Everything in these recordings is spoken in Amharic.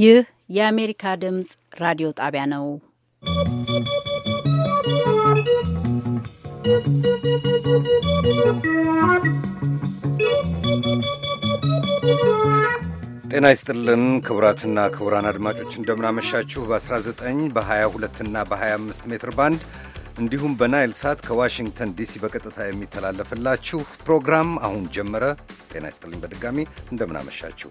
ይህ የአሜሪካ ድምፅ ራዲዮ ጣቢያ ነው። ጤና ይስጥልን ክቡራትና ክቡራን አድማጮች እንደምናመሻችሁ። በ19 በ22 እና በ25 ሜትር ባንድ እንዲሁም በናይል ሳት ከዋሽንግተን ዲሲ በቀጥታ የሚተላለፍላችሁ ፕሮግራም አሁን ጀመረ። ጤና ይስጥልኝ በድጋሚ እንደምናመሻችሁ።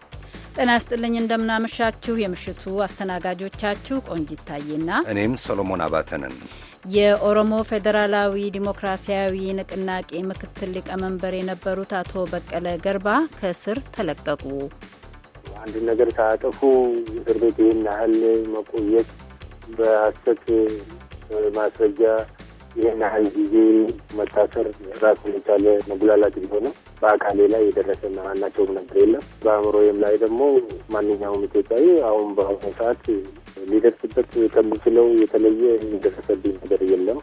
ጤና ይስጥልኝ እንደምናመሻችሁ። የምሽቱ አስተናጋጆቻችሁ ቆንጂት ታዬና እኔም ሰሎሞን አባተንን። የኦሮሞ ፌዴራላዊ ዲሞክራሲያዊ ንቅናቄ ምክትል ሊቀመንበር የነበሩት አቶ በቀለ ገርባ ከእስር ተለቀቁ። አንድ ነገር ሳያጠፉ እስር ቤት ይህን ያህል መቆየት በሀሰት ማስረጃ ይህን ያህል ጊዜ መታሰር ራሱን የቻለ መጉላላት ቢሆንም በአካሌ ላይ የደረሰ ማናቸውም ነገር የለም። በአእምሮዬም ላይ ደግሞ ማንኛውም ኢትዮጵያዊ አሁን በአሁኑ ሰዓት ሊደርስበት ከምችለው የተለየ የሚደረሰብኝ ነገር የለም።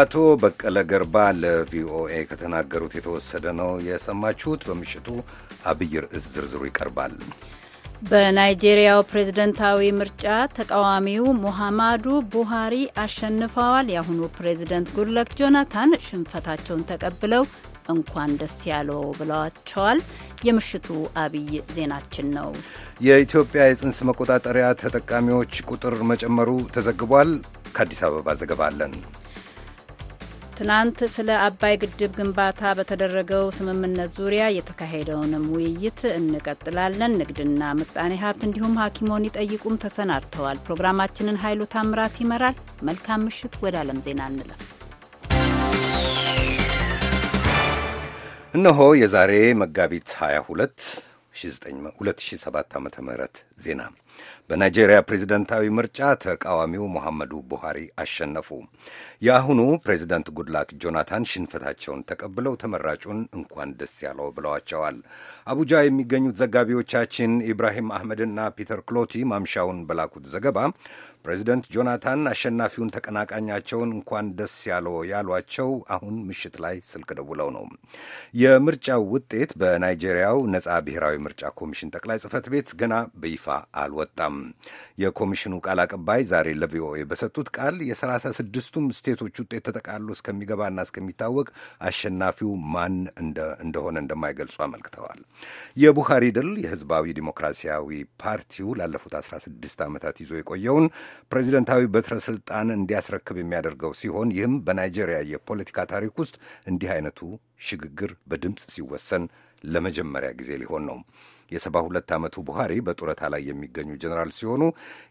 አቶ በቀለ ገርባ ለቪኦኤ ከተናገሩት የተወሰደ ነው የሰማችሁት። በምሽቱ አብይ ርዕስ ዝርዝሩ ይቀርባል። በናይጄሪያው ፕሬዝደንታዊ ምርጫ ተቃዋሚው ሙሐማዱ ቡሃሪ አሸንፈዋል። የአሁኑ ፕሬዝደንት ጉድለክ ጆናታን ሽንፈታቸውን ተቀብለው እንኳን ደስ ያለው ብለዋቸዋል። የምሽቱ አብይ ዜናችን ነው። የኢትዮጵያ የጽንስ መቆጣጠሪያ ተጠቃሚዎች ቁጥር መጨመሩ ተዘግቧል። ከአዲስ አበባ ዘገባ አለን። ትናንት ስለ አባይ ግድብ ግንባታ በተደረገው ስምምነት ዙሪያ የተካሄደውንም ውይይት እንቀጥላለን። ንግድና ምጣኔ ሀብት እንዲሁም ሐኪሞን ይጠይቁም ተሰናድተዋል። ፕሮግራማችንን ኃይሉ ታምራት ይመራል። መልካም ምሽት። ወደ ዓለም ዜና እንለፍ። እነሆ የዛሬ መጋቢት 22 2007 ዓ ም ዜና በናይጄሪያ ፕሬዝደንታዊ ምርጫ ተቃዋሚው ሙሐመዱ ቡሃሪ አሸነፉ። የአሁኑ ፕሬዝደንት ጉድላክ ጆናታን ሽንፈታቸውን ተቀብለው ተመራጩን እንኳን ደስ ያለው ብለዋቸዋል። አቡጃ የሚገኙት ዘጋቢዎቻችን ኢብራሂም አህመድና ፒተር ክሎቲ ማምሻውን በላኩት ዘገባ ፕሬዝደንት ጆናታን አሸናፊውን ተቀናቃኛቸውን እንኳን ደስ ያለው ያሏቸው አሁን ምሽት ላይ ስልክ ደውለው ነው። የምርጫው ውጤት በናይጄሪያው ነጻ ብሔራዊ ምርጫ ኮሚሽን ጠቅላይ ጽህፈት ቤት ገና በይፋ አልወጣም። የኮሚሽኑ ቃል አቀባይ ዛሬ ለቪኦኤ በሰጡት ቃል የሰላሳ ስድስቱም ስቴቶች ውጤት ተጠቃሎ እስከሚገባና እስከሚታወቅ አሸናፊው ማን እንደሆነ እንደማይገልጹ አመልክተዋል። የቡሃሪ ድል የህዝባዊ ዲሞክራሲያዊ ፓርቲው ላለፉት 16 ዓመታት ይዞ የቆየውን ፕሬዚደንታዊ በትረ ስልጣን እንዲያስረክብ የሚያደርገው ሲሆን ይህም በናይጄሪያ የፖለቲካ ታሪክ ውስጥ እንዲህ አይነቱ ሽግግር በድምፅ ሲወሰን ለመጀመሪያ ጊዜ ሊሆን ነው። የሰባ ሁለት ዓመቱ ቡሃሪ በጡረታ ላይ የሚገኙ ጀኔራል ሲሆኑ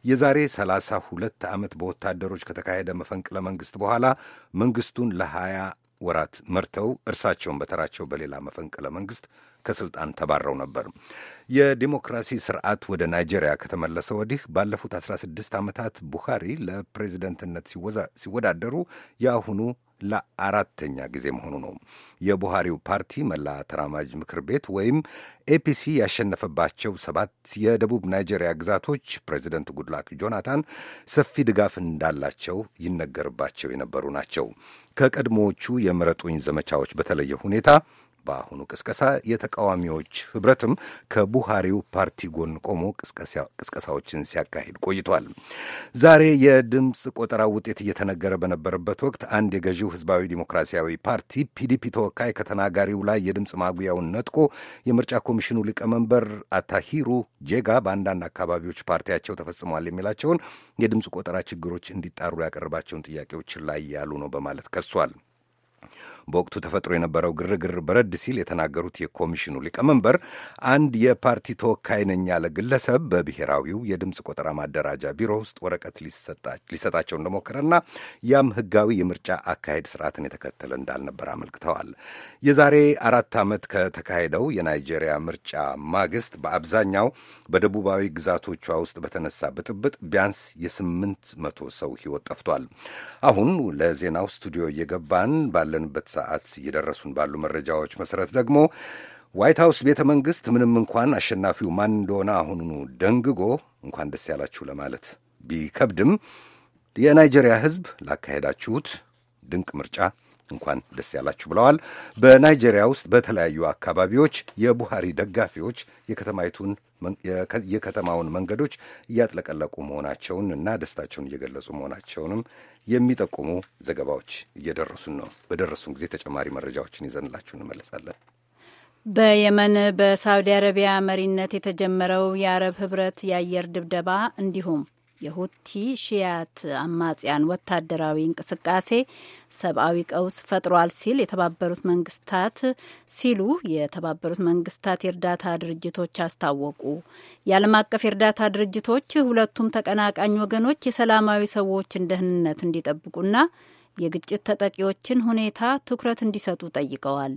የዛሬ ሰላሳ ሁለት ዓመት በወታደሮች ከተካሄደ መፈንቅለ መንግስት በኋላ መንግስቱን ለሀያ ወራት መርተው እርሳቸውን በተራቸው በሌላ መፈንቅለ መንግስት ከስልጣን ተባረው ነበር። የዲሞክራሲ ስርዓት ወደ ናይጄሪያ ከተመለሰ ወዲህ ባለፉት 16 ዓመታት ቡኻሪ ለፕሬዚደንትነት ሲወዳደሩ የአሁኑ ለአራተኛ ጊዜ መሆኑ ነው። የቡሃሪው ፓርቲ መላ ተራማጅ ምክር ቤት ወይም ኤፒሲ ያሸነፈባቸው ሰባት የደቡብ ናይጄሪያ ግዛቶች ፕሬዚደንት ጉድላክ ጆናታን ሰፊ ድጋፍ እንዳላቸው ይነገርባቸው የነበሩ ናቸው። ከቀድሞዎቹ የምረጡኝ ዘመቻዎች በተለየ ሁኔታ በአሁኑ ቅስቀሳ የተቃዋሚዎች ህብረትም ከቡሃሪው ፓርቲ ጎን ቆሞ ቅስቀሳዎችን ሲያካሂድ ቆይቷል። ዛሬ የድምፅ ቆጠራ ውጤት እየተነገረ በነበረበት ወቅት አንድ የገዢው ህዝባዊ ዲሞክራሲያዊ ፓርቲ ፒዲፒ ተወካይ ከተናጋሪው ላይ የድምፅ ማጉያውን ነጥቆ የምርጫ ኮሚሽኑ ሊቀመንበር አታሂሩ ጄጋ በአንዳንድ አካባቢዎች ፓርቲያቸው ተፈጽሟል የሚላቸውን የድምፅ ቆጠራ ችግሮች እንዲጣሩ ያቀረባቸውን ጥያቄዎች ላይ ያሉ ነው በማለት ከሷል። በወቅቱ ተፈጥሮ የነበረው ግርግር በረድ ሲል የተናገሩት የኮሚሽኑ ሊቀመንበር አንድ የፓርቲ ተወካይ ነኝ ያለ ግለሰብ በብሔራዊው የድምፅ ቆጠራ ማደራጃ ቢሮ ውስጥ ወረቀት ሊሰጣቸው እንደሞከረና ያም ህጋዊ የምርጫ አካሄድ ስርዓትን የተከተለ እንዳልነበር አመልክተዋል። የዛሬ አራት ዓመት ከተካሄደው የናይጄሪያ ምርጫ ማግስት በአብዛኛው በደቡባዊ ግዛቶቿ ውስጥ በተነሳ ብጥብጥ ቢያንስ የስምንት መቶ ሰው ህይወት ጠፍቷል። አሁን ለዜናው ስቱዲዮ እየገባን ባለንበት ሰዓት እየደረሱን ባሉ መረጃዎች መሰረት ደግሞ ዋይት ሀውስ ቤተ መንግሥት ምንም እንኳን አሸናፊው ማን እንደሆነ አሁኑኑ ደንግጎ እንኳን ደስ ያላችሁ ለማለት ቢከብድም የናይጄሪያ ሕዝብ ላካሄዳችሁት ድንቅ ምርጫ እንኳን ደስ ያላችሁ ብለዋል። በናይጄሪያ ውስጥ በተለያዩ አካባቢዎች የቡሃሪ ደጋፊዎች የከተማይቱን የከተማውን መንገዶች እያጥለቀለቁ መሆናቸውን እና ደስታቸውን እየገለጹ መሆናቸውንም የሚጠቁሙ ዘገባዎች እየደረሱን ነው። በደረሱን ጊዜ ተጨማሪ መረጃዎችን ይዘንላችሁ እንመለሳለን። በየመን በሳውዲ አረቢያ መሪነት የተጀመረው የአረብ ህብረት የአየር ድብደባ እንዲሁም የሁቲ ሺያት አማጽያን ወታደራዊ እንቅስቃሴ ሰብአዊ ቀውስ ፈጥሯል ሲል የተባበሩት መንግስታት ሲሉ የተባበሩት መንግስታት የእርዳታ ድርጅቶች አስታወቁ። የዓለም አቀፍ የእርዳታ ድርጅቶች ሁለቱም ተቀናቃኝ ወገኖች የሰላማዊ ሰዎችን ደህንነት እንዲጠብቁና የግጭት ተጠቂዎችን ሁኔታ ትኩረት እንዲሰጡ ጠይቀዋል።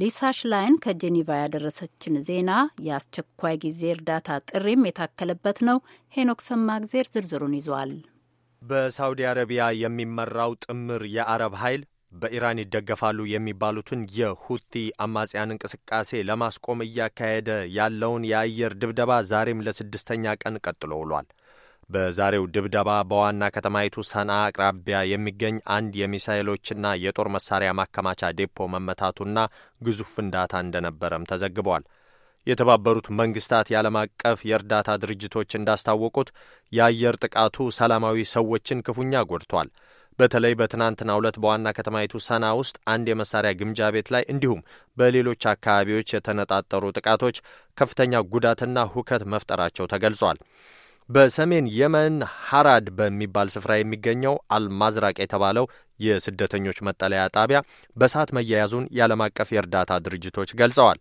ሊሳ ሽላይን ከጄኒቫ ያደረሰችን ዜና የአስቸኳይ ጊዜ እርዳታ ጥሪም የታከለበት ነው። ሄኖክ ሰማግዜር ዝርዝሩን ይዟል። በሳውዲ አረቢያ የሚመራው ጥምር የአረብ ኃይል በኢራን ይደገፋሉ የሚባሉትን የሁቲ አማጽያን እንቅስቃሴ ለማስቆም እያካሄደ ያለውን የአየር ድብደባ ዛሬም ለስድስተኛ ቀን ቀጥሎ ውሏል። በዛሬው ድብደባ በዋና ከተማይቱ ሰንዓ አቅራቢያ የሚገኝ አንድ የሚሳይሎችና የጦር መሳሪያ ማከማቻ ዴፖ መመታቱና ግዙፍ ፍንዳታ እንደነበረም ተዘግቧል። የተባበሩት መንግስታት የዓለም አቀፍ የእርዳታ ድርጅቶች እንዳስታወቁት የአየር ጥቃቱ ሰላማዊ ሰዎችን ክፉኛ ጎድቷል። በተለይ በትናንትናው ዕለት በዋና ከተማይቱ ሰና ውስጥ አንድ የመሳሪያ ግምጃ ቤት ላይ እንዲሁም በሌሎች አካባቢዎች የተነጣጠሩ ጥቃቶች ከፍተኛ ጉዳትና ሁከት መፍጠራቸው ተገልጿል። በሰሜን የመን ሐራድ በሚባል ስፍራ የሚገኘው አልማዝራቅ የተባለው የስደተኞች መጠለያ ጣቢያ በእሳት መያያዙን የዓለም አቀፍ የእርዳታ ድርጅቶች ገልጸዋል።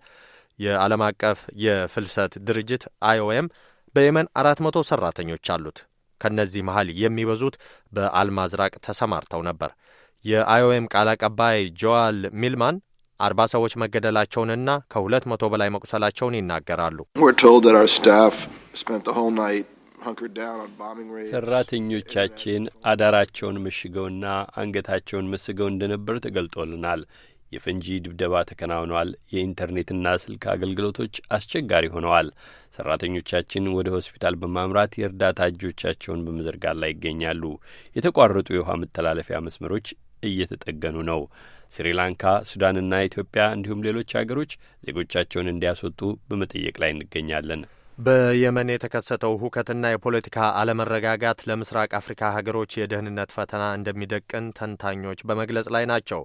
የዓለም አቀፍ የፍልሰት ድርጅት አይኦኤም በየመን 400 ሰራተኞች አሉት። ከእነዚህ መሃል የሚበዙት በአልማዝራቅ ተሰማርተው ነበር። የአይኦኤም ቃል አቀባይ ጆዋል ሚልማን አርባ ሰዎች መገደላቸውንና ከሁለት መቶ በላይ መቁሰላቸውን ይናገራሉ። ሰራተኞቻችን አዳራቸውን መሽገውና አንገታቸውን መስገው እንደነበር ተገልጦልናል። የፈንጂ ድብደባ ተከናውኗል። የኢንተርኔትና ስልክ አገልግሎቶች አስቸጋሪ ሆነዋል። ሰራተኞቻችን ወደ ሆስፒታል በማምራት የእርዳታ እጆቻቸውን በመዘርጋት ላይ ይገኛሉ። የተቋረጡ የውሃ መተላለፊያ መስመሮች እየተጠገኑ ነው። ስሪላንካ፣ ሱዳንና ኢትዮጵያ እንዲሁም ሌሎች አገሮች ዜጎቻቸውን እንዲያስወጡ በመጠየቅ ላይ እንገኛለን። በየመን የተከሰተው ሁከትና የፖለቲካ አለመረጋጋት ለምስራቅ አፍሪካ ሀገሮች የደህንነት ፈተና እንደሚደቅን ተንታኞች በመግለጽ ላይ ናቸው።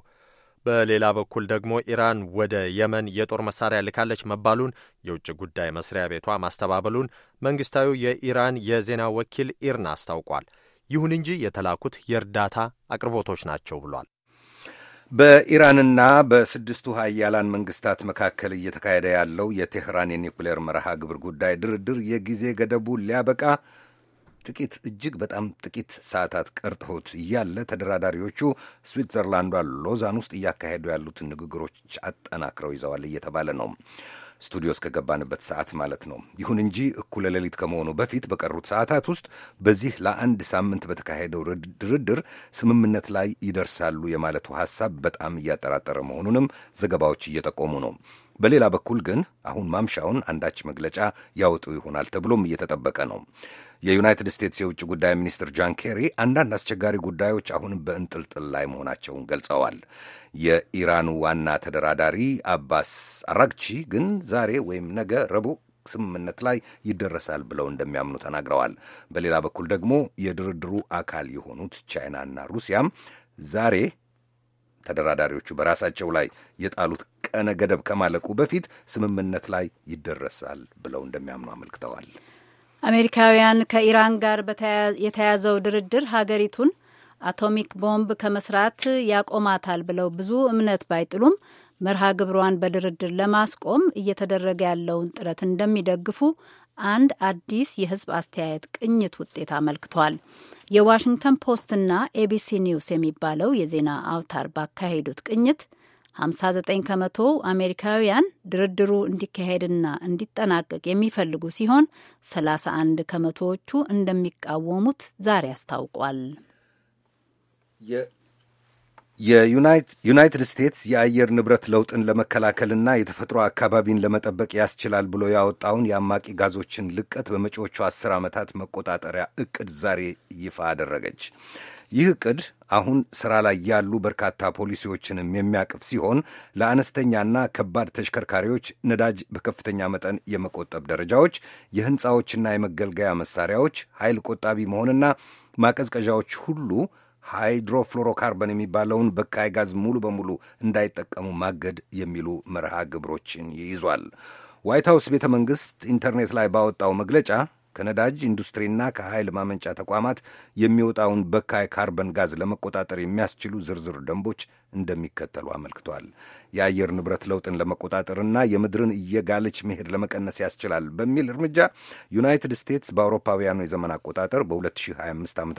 በሌላ በኩል ደግሞ ኢራን ወደ የመን የጦር መሳሪያ ልካለች መባሉን የውጭ ጉዳይ መስሪያ ቤቷ ማስተባበሉን መንግስታዊው የኢራን የዜና ወኪል ኢርና አስታውቋል። ይሁን እንጂ የተላኩት የእርዳታ አቅርቦቶች ናቸው ብሏል። በኢራንና በስድስቱ ሀያላን መንግስታት መካከል እየተካሄደ ያለው የቴህራን የኒውክሌር መርሃ ግብር ጉዳይ ድርድር የጊዜ ገደቡ ሊያበቃ ጥቂት እጅግ በጣም ጥቂት ሰዓታት ቀርተውት እያለ ተደራዳሪዎቹ ስዊትዘርላንዷ ሎዛን ውስጥ እያካሄዱ ያሉትን ንግግሮች አጠናክረው ይዘዋል እየተባለ ነው። ስቱዲዮ እስከገባንበት ሰዓት ማለት ነው። ይሁን እንጂ እኩለ ሌሊት ከመሆኑ በፊት በቀሩት ሰዓታት ውስጥ በዚህ ለአንድ ሳምንት በተካሄደው ድርድር ስምምነት ላይ ይደርሳሉ የማለቱ ሐሳብ በጣም እያጠራጠረ መሆኑንም ዘገባዎች እየጠቆሙ ነው። በሌላ በኩል ግን አሁን ማምሻውን አንዳች መግለጫ ያወጡ ይሆናል ተብሎም እየተጠበቀ ነው። የዩናይትድ ስቴትስ የውጭ ጉዳይ ሚኒስትር ጃን ኬሪ አንዳንድ አስቸጋሪ ጉዳዮች አሁንም በእንጥልጥል ላይ መሆናቸውን ገልጸዋል። የኢራኑ ዋና ተደራዳሪ አባስ አራግቺ ግን ዛሬ ወይም ነገ ረቡዕ ስምምነት ላይ ይደረሳል ብለው እንደሚያምኑ ተናግረዋል። በሌላ በኩል ደግሞ የድርድሩ አካል የሆኑት ቻይናና ሩሲያም ዛሬ ተደራዳሪዎቹ በራሳቸው ላይ የጣሉት ቀነ ገደብ ከማለቁ በፊት ስምምነት ላይ ይደረሳል ብለው እንደሚያምኑ አመልክተዋል። አሜሪካውያን ከኢራን ጋር የተያዘው ድርድር ሀገሪቱን አቶሚክ ቦምብ ከመስራት ያቆማታል ብለው ብዙ እምነት ባይጥሉም መርሃ ግብሯን በድርድር ለማስቆም እየተደረገ ያለውን ጥረት እንደሚደግፉ አንድ አዲስ የሕዝብ አስተያየት ቅኝት ውጤት አመልክቷል። የዋሽንግተን ፖስትና ኤቢሲ ኒውስ የሚባለው የዜና አውታር ባካሄዱት ቅኝት 59 ከመቶ አሜሪካውያን ድርድሩ እንዲካሄድና እንዲጠናቀቅ የሚፈልጉ ሲሆን 31 ከመቶዎቹ እንደሚቃወሙት ዛሬ አስታውቋል። የዩናይትድ ስቴትስ የአየር ንብረት ለውጥን ለመከላከልና የተፈጥሮ አካባቢን ለመጠበቅ ያስችላል ብሎ ያወጣውን የአማቂ ጋዞችን ልቀት በመጪዎቹ አስር ዓመታት መቆጣጠሪያ እቅድ ዛሬ ይፋ አደረገች። ይህ ቅድ አሁን ሥራ ላይ ያሉ በርካታ ፖሊሲዎችንም የሚያቅፍ ሲሆን ለአነስተኛና ከባድ ተሽከርካሪዎች ነዳጅ በከፍተኛ መጠን የመቆጠብ ደረጃዎች፣ የሕንፃዎችና የመገልገያ መሳሪያዎች፣ ኃይል ቆጣቢ መሆንና ማቀዝቀዣዎች ሁሉ ሃይድሮፍሎሮካርበን የሚባለውን በካይ ጋዝ ሙሉ በሙሉ እንዳይጠቀሙ ማገድ የሚሉ መርሃ ግብሮችን ይይዟል። ዋይት ሀውስ ቤተ መንግሥት ኢንተርኔት ላይ ባወጣው መግለጫ ከነዳጅ ኢንዱስትሪና ከኃይል ማመንጫ ተቋማት የሚወጣውን በካይ ካርበን ጋዝ ለመቆጣጠር የሚያስችሉ ዝርዝር ደንቦች እንደሚከተሉ አመልክቷል። የአየር ንብረት ለውጥን ለመቆጣጠርና የምድርን እየጋለች መሄድ ለመቀነስ ያስችላል በሚል እርምጃ ዩናይትድ ስቴትስ በአውሮፓውያኑ የዘመን አቆጣጠር በ2025 ዓ ም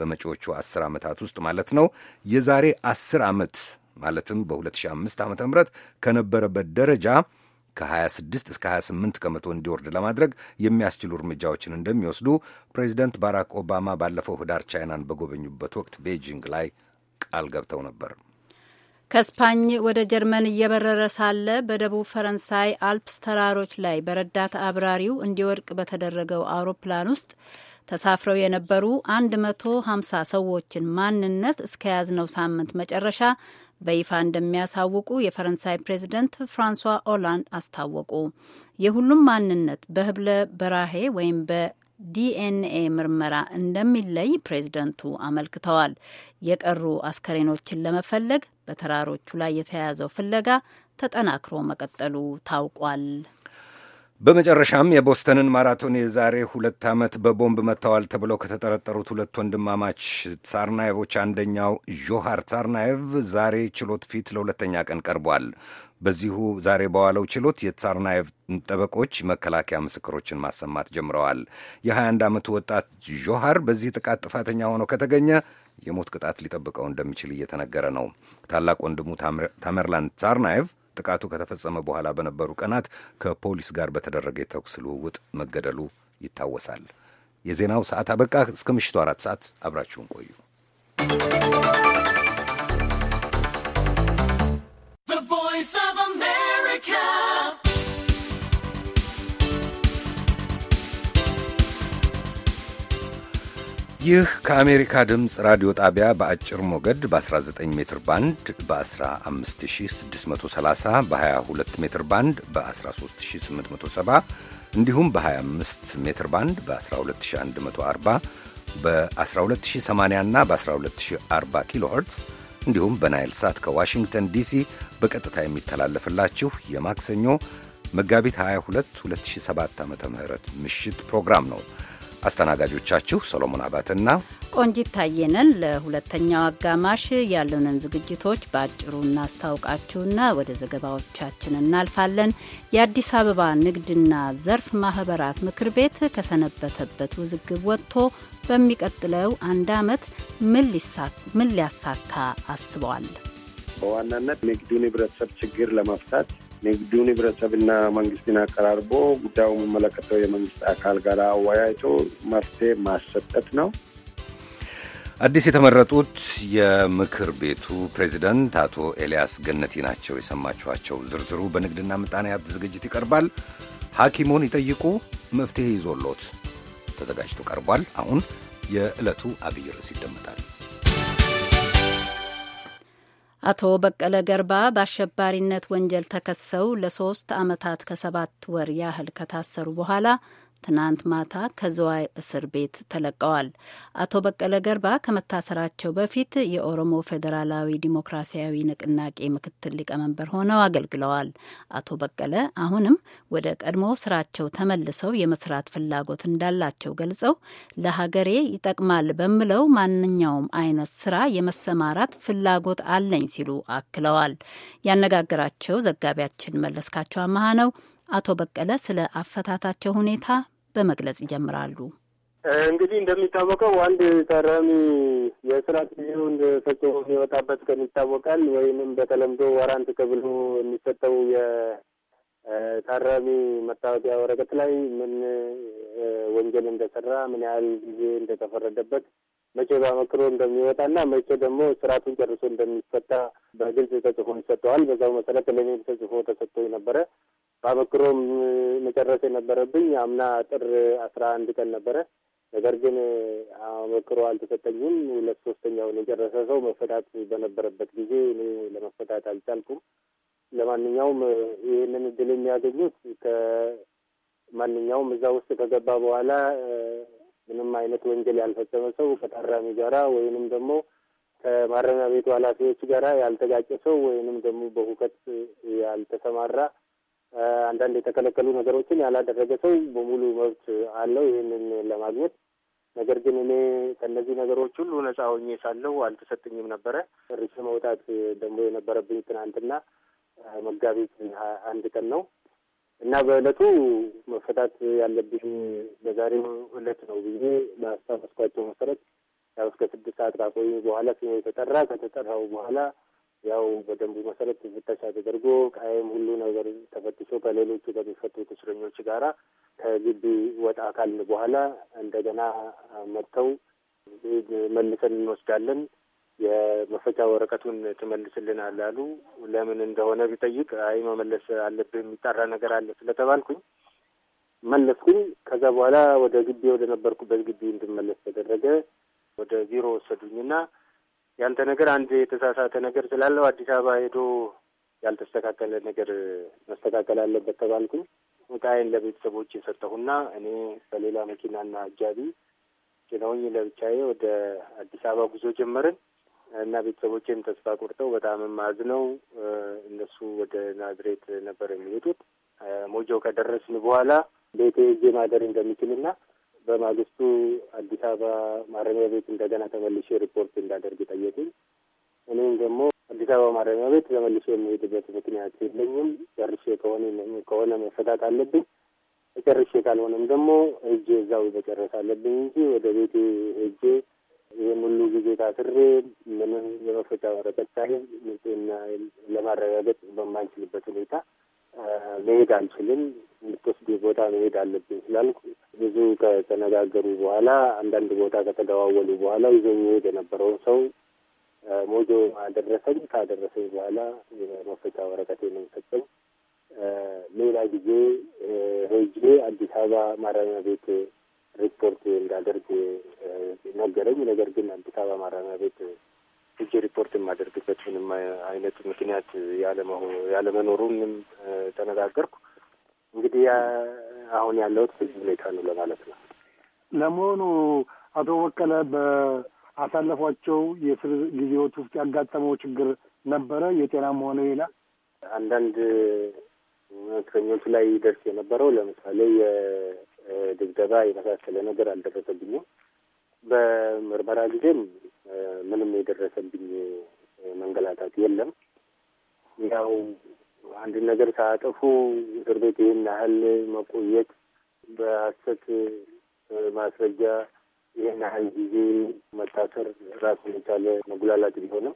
በመጪዎቹ 10 ዓመታት ውስጥ ማለት ነው የዛሬ 10 ዓመት ማለትም በ2005 ዓ ም ከነበረበት ደረጃ ከ26 እስከ 28 ከመቶ እንዲወርድ ለማድረግ የሚያስችሉ እርምጃዎችን እንደሚወስዱ ፕሬዚደንት ባራክ ኦባማ ባለፈው ህዳር ቻይናን በጎበኙበት ወቅት ቤጂንግ ላይ ቃል ገብተው ነበር። ከስፓኝ ወደ ጀርመን እየበረረ ሳለ በደቡብ ፈረንሳይ አልፕስ ተራሮች ላይ በረዳት አብራሪው እንዲወድቅ በተደረገው አውሮፕላን ውስጥ ተሳፍረው የነበሩ 150 ሰዎችን ማንነት እስከ ያዝነው ሳምንት መጨረሻ በይፋ እንደሚያሳውቁ የፈረንሳይ ፕሬዚደንት ፍራንሷ ኦላንድ አስታወቁ። የሁሉም ማንነት በህብለ በራሄ ወይም በዲኤንኤ ምርመራ እንደሚለይ ፕሬዚደንቱ አመልክተዋል። የቀሩ አስከሬኖችን ለመፈለግ በተራሮቹ ላይ የተያያዘው ፍለጋ ተጠናክሮ መቀጠሉ ታውቋል። በመጨረሻም የቦስተንን ማራቶን የዛሬ ሁለት ዓመት በቦምብ መጥተዋል ተብለው ከተጠረጠሩት ሁለት ወንድማማች ሳርናየቮች አንደኛው ጆሃር ሳርናየቭ ዛሬ ችሎት ፊት ለሁለተኛ ቀን ቀርቧል። በዚሁ ዛሬ በዋለው ችሎት የሳርናየቭ ጠበቆች መከላከያ ምስክሮችን ማሰማት ጀምረዋል። የ21 ዓመቱ ወጣት ጆሃር በዚህ ጥቃት ጥፋተኛ ሆኖ ከተገኘ የሞት ቅጣት ሊጠብቀው እንደሚችል እየተነገረ ነው። ታላቅ ወንድሙ ታመርላን ሳርናየቭ ጥቃቱ ከተፈጸመ በኋላ በነበሩ ቀናት ከፖሊስ ጋር በተደረገ የተኩስ ልውውጥ መገደሉ ይታወሳል። የዜናው ሰዓት አበቃ። እስከ ምሽቱ አራት ሰዓት አብራችሁን ቆዩ። ይህ ከአሜሪካ ድምፅ ራዲዮ ጣቢያ በአጭር ሞገድ በ19 ሜትር ባንድ በ15630 በ22 ሜትር ባንድ በ13870 እንዲሁም በ25 ሜትር ባንድ በ12140 በ12080 እና በ12040 ኪሎ ሄርትስ እንዲሁም በናይል ሳት ከዋሽንግተን ዲሲ በቀጥታ የሚተላለፍላችሁ የማክሰኞ መጋቢት 22 2007 ዓ ም ምሽት ፕሮግራም ነው። አስተናጋጆቻችሁ ሰሎሞን አባትና ቆንጂት ታየነን። ለሁለተኛው አጋማሽ ያለንን ዝግጅቶች በአጭሩ እናስታውቃችሁና ወደ ዘገባዎቻችን እናልፋለን። የአዲስ አበባ ንግድና ዘርፍ ማህበራት ምክር ቤት ከሰነበተበት ውዝግብ ወጥቶ በሚቀጥለው አንድ ዓመት ምን ሊያሳካ አስበዋል? በዋናነት ንግዱን ህብረተሰብ ችግር ለመፍታት ንግዱ ህብረተሰብና መንግስትን አቀራርቦ ጉዳዩ የሚመለከተው የመንግስት አካል ጋር አወያይቶ መፍትሄ ማሰጠት ነው። አዲስ የተመረጡት የምክር ቤቱ ፕሬዚደንት አቶ ኤልያስ ገነቲ ናቸው የሰማችኋቸው። ዝርዝሩ በንግድና ምጣኔ ሀብት ዝግጅት ይቀርባል። ሐኪሙን ይጠይቁ መፍትሄ ይዞሎት ተዘጋጅቶ ቀርቧል። አሁን የዕለቱ አብይ ርዕስ ይደመጣል። አቶ በቀለ ገርባ በአሸባሪነት ወንጀል ተከሰው ለሶስት ዓመታት ከሰባት ወር ያህል ከታሰሩ በኋላ ትናንት ማታ ከዝዋይ እስር ቤት ተለቀዋል። አቶ በቀለ ገርባ ከመታሰራቸው በፊት የኦሮሞ ፌዴራላዊ ዲሞክራሲያዊ ንቅናቄ ምክትል ሊቀመንበር ሆነው አገልግለዋል። አቶ በቀለ አሁንም ወደ ቀድሞ ስራቸው ተመልሰው የመስራት ፍላጎት እንዳላቸው ገልጸው ለሀገሬ ይጠቅማል በምለው ማንኛውም አይነት ስራ የመሰማራት ፍላጎት አለኝ ሲሉ አክለዋል። ያነጋገራቸው ዘጋቢያችን መለስካቸው አመሀ ነው። አቶ በቀለ ስለ አፈታታቸው ሁኔታ በመግለጽ ይጀምራሉ። እንግዲህ እንደሚታወቀው አንድ ታራሚ የስራ ጊዜውን ፈጽሞ የሚወጣበት ቀን ይታወቃል። ወይንም በተለምዶ ወራንት ተብሎ የሚሰጠው የታራሚ መታወቂያ ወረቀት ላይ ምን ወንጀል እንደሰራ፣ ምን ያህል ጊዜ እንደተፈረደበት፣ መቼ በአመክሮ እንደሚወጣና መቼ ደግሞ ስራቱን ጨርሶ እንደሚፈታ በግልጽ ተጽፎ ይሰጠዋል። በዛው መሰረት ለኔ ተጽፎ ተሰጥቶ ነበረ። በአበክሮም መጨረስ የነበረብኝ አምና ጥር አስራ አንድ ቀን ነበረ። ነገር ግን አበክሮ አልተሰጠኝም። ሁለት ሶስተኛውን የጨረሰ ሰው መፈታት በነበረበት ጊዜ እኔ ለመፈታት አልቻልኩም። ለማንኛውም ይህንን እድል የሚያገኙት ከማንኛውም እዛ ውስጥ ከገባ በኋላ ምንም አይነት ወንጀል ያልፈጸመ ሰው ከታራሚ ጋራ ወይንም ደግሞ ከማረሚያ ቤቱ ኃላፊዎች ጋራ ያልተጋጨ ሰው ወይንም ደግሞ በሁከት ያልተሰማራ አንዳንድ የተከለከሉ ነገሮችን ያላደረገ ሰው በሙሉ መብት አለው ይህንን ለማግኘት። ነገር ግን እኔ ከእነዚህ ነገሮች ሁሉ ነጻ ሆኜ ሳለሁ አልተሰጥኝም ነበረ። ርቼ መውጣት ደግሞ የነበረብኝ ትናንትና መጋቢት አንድ ቀን ነው እና በእለቱ መፈታት ያለብኝ በዛሬው እለት ነው ብዬ በሀሳብ መሰረት ያው እስከ ስድስት ሰዓት ካቆዩ በኋላ ስሜ የተጠራ ከተጠራው በኋላ ያው በደንቡ መሰረት ፍተሻ ተደርጎ ቃይም ሁሉ ነገር ተፈትሾ ከሌሎቹ ከሚፈቱት እስረኞች ጋራ ከግቢ ወጣ አካል በኋላ እንደገና መጥተው መልሰን እንወስዳለን የመፈቻ ወረቀቱን ትመልስልን አላሉ። ለምን እንደሆነ ቢጠይቅ አይ መመለስ አለብህ የሚጣራ ነገር አለ ስለተባልኩኝ መለስኩኝ። ከዛ በኋላ ወደ ግቢ ወደ ነበርኩበት ግቢ እንድመለስ ተደረገ። ወደ ቢሮ ወሰዱኝና ያንተ ነገር አንድ የተሳሳተ ነገር ስላለው አዲስ አበባ ሄዶ ያልተስተካከለ ነገር መስተካከል አለበት ተባልኩኝ። እቃዬን ለቤተሰቦች የሰጠሁና እኔ በሌላ መኪናና አጃቢ ጭነውኝ ለብቻዬ ወደ አዲስ አበባ ጉዞ ጀመርን እና ቤተሰቦቼም ተስፋ ቆርጠው በጣም ማዝነው እነሱ ወደ ናዝሬት ነበር የሚሄዱት። ሞጆ ከደረስን በኋላ ቤቴ ዜ ማደር እንደሚችልና በማግስቱ አዲስ አበባ ማረሚያ ቤት እንደገና ተመልሼ ሪፖርት እንዳደርግ ጠየቁኝ። እኔም ደግሞ አዲስ አበባ ማረሚያ ቤት ተመልሶ የሚሄድበት ምክንያት የለኝም። ጨርሼ ከሆነ ከሆነ መፈታት አለብኝ፣ ተጨርሼ ካልሆነም ደግሞ ሄጄ እዛው መጨረስ አለብኝ እንጂ ወደ ቤቴ ሄጄ ይህን ሁሉ ጊዜ ታስሬ ምንም የመፈቻ ወረቀት ሳይዝ ንጽህና ለማረጋገጥ በማንችልበት ሁኔታ መሄድ አልችልም፣ የምትወስድ ቦታ መሄድ አለብኝ ስላልኩ ብዙ ከተነጋገሩ በኋላ አንዳንድ ቦታ ከተደዋወሉ በኋላ ይዞ መሄድ የነበረውን ሰው ሞጆ አደረሰኝ። ካደረሰኝ በኋላ የመፈቻ ወረቀቴ ነው የሰጠው። ሌላ ጊዜ ሄጄ አዲስ አበባ ማረሚያ ቤት ሪፖርት እንዳደርግ ነገረኝ። ነገር ግን አዲስ አበባ ማረሚያ ቤት ሄጄ ሪፖርት የማደርግበት ምንም አይነት ምክንያት ያለመኖሩንም ተነጋገርኩ። እንግዲህ አሁን ያለሁት በዚህ ሁኔታ ነው ለማለት ነው። ለመሆኑ አቶ በቀለ በአሳለፏቸው የእስር ጊዜዎች ውስጥ ያጋጠመው ችግር ነበረ? የጤናም ሆነ ሌላ አንዳንድ እስረኞቹ ላይ ደርስ የነበረው ለምሳሌ የድብደባ የመሳሰለ ነገር አልደረሰብኝም። በምርመራ ጊዜም ምንም የደረሰብኝ መንገላታት የለም። ያው አንድ ነገር ሳያጠፉ እስር ቤት ይህን ያህል መቆየት በሀሰት ማስረጃ ይህን ያህል ጊዜ መታሰር ራሱን የቻለ መጉላላት ቢሆንም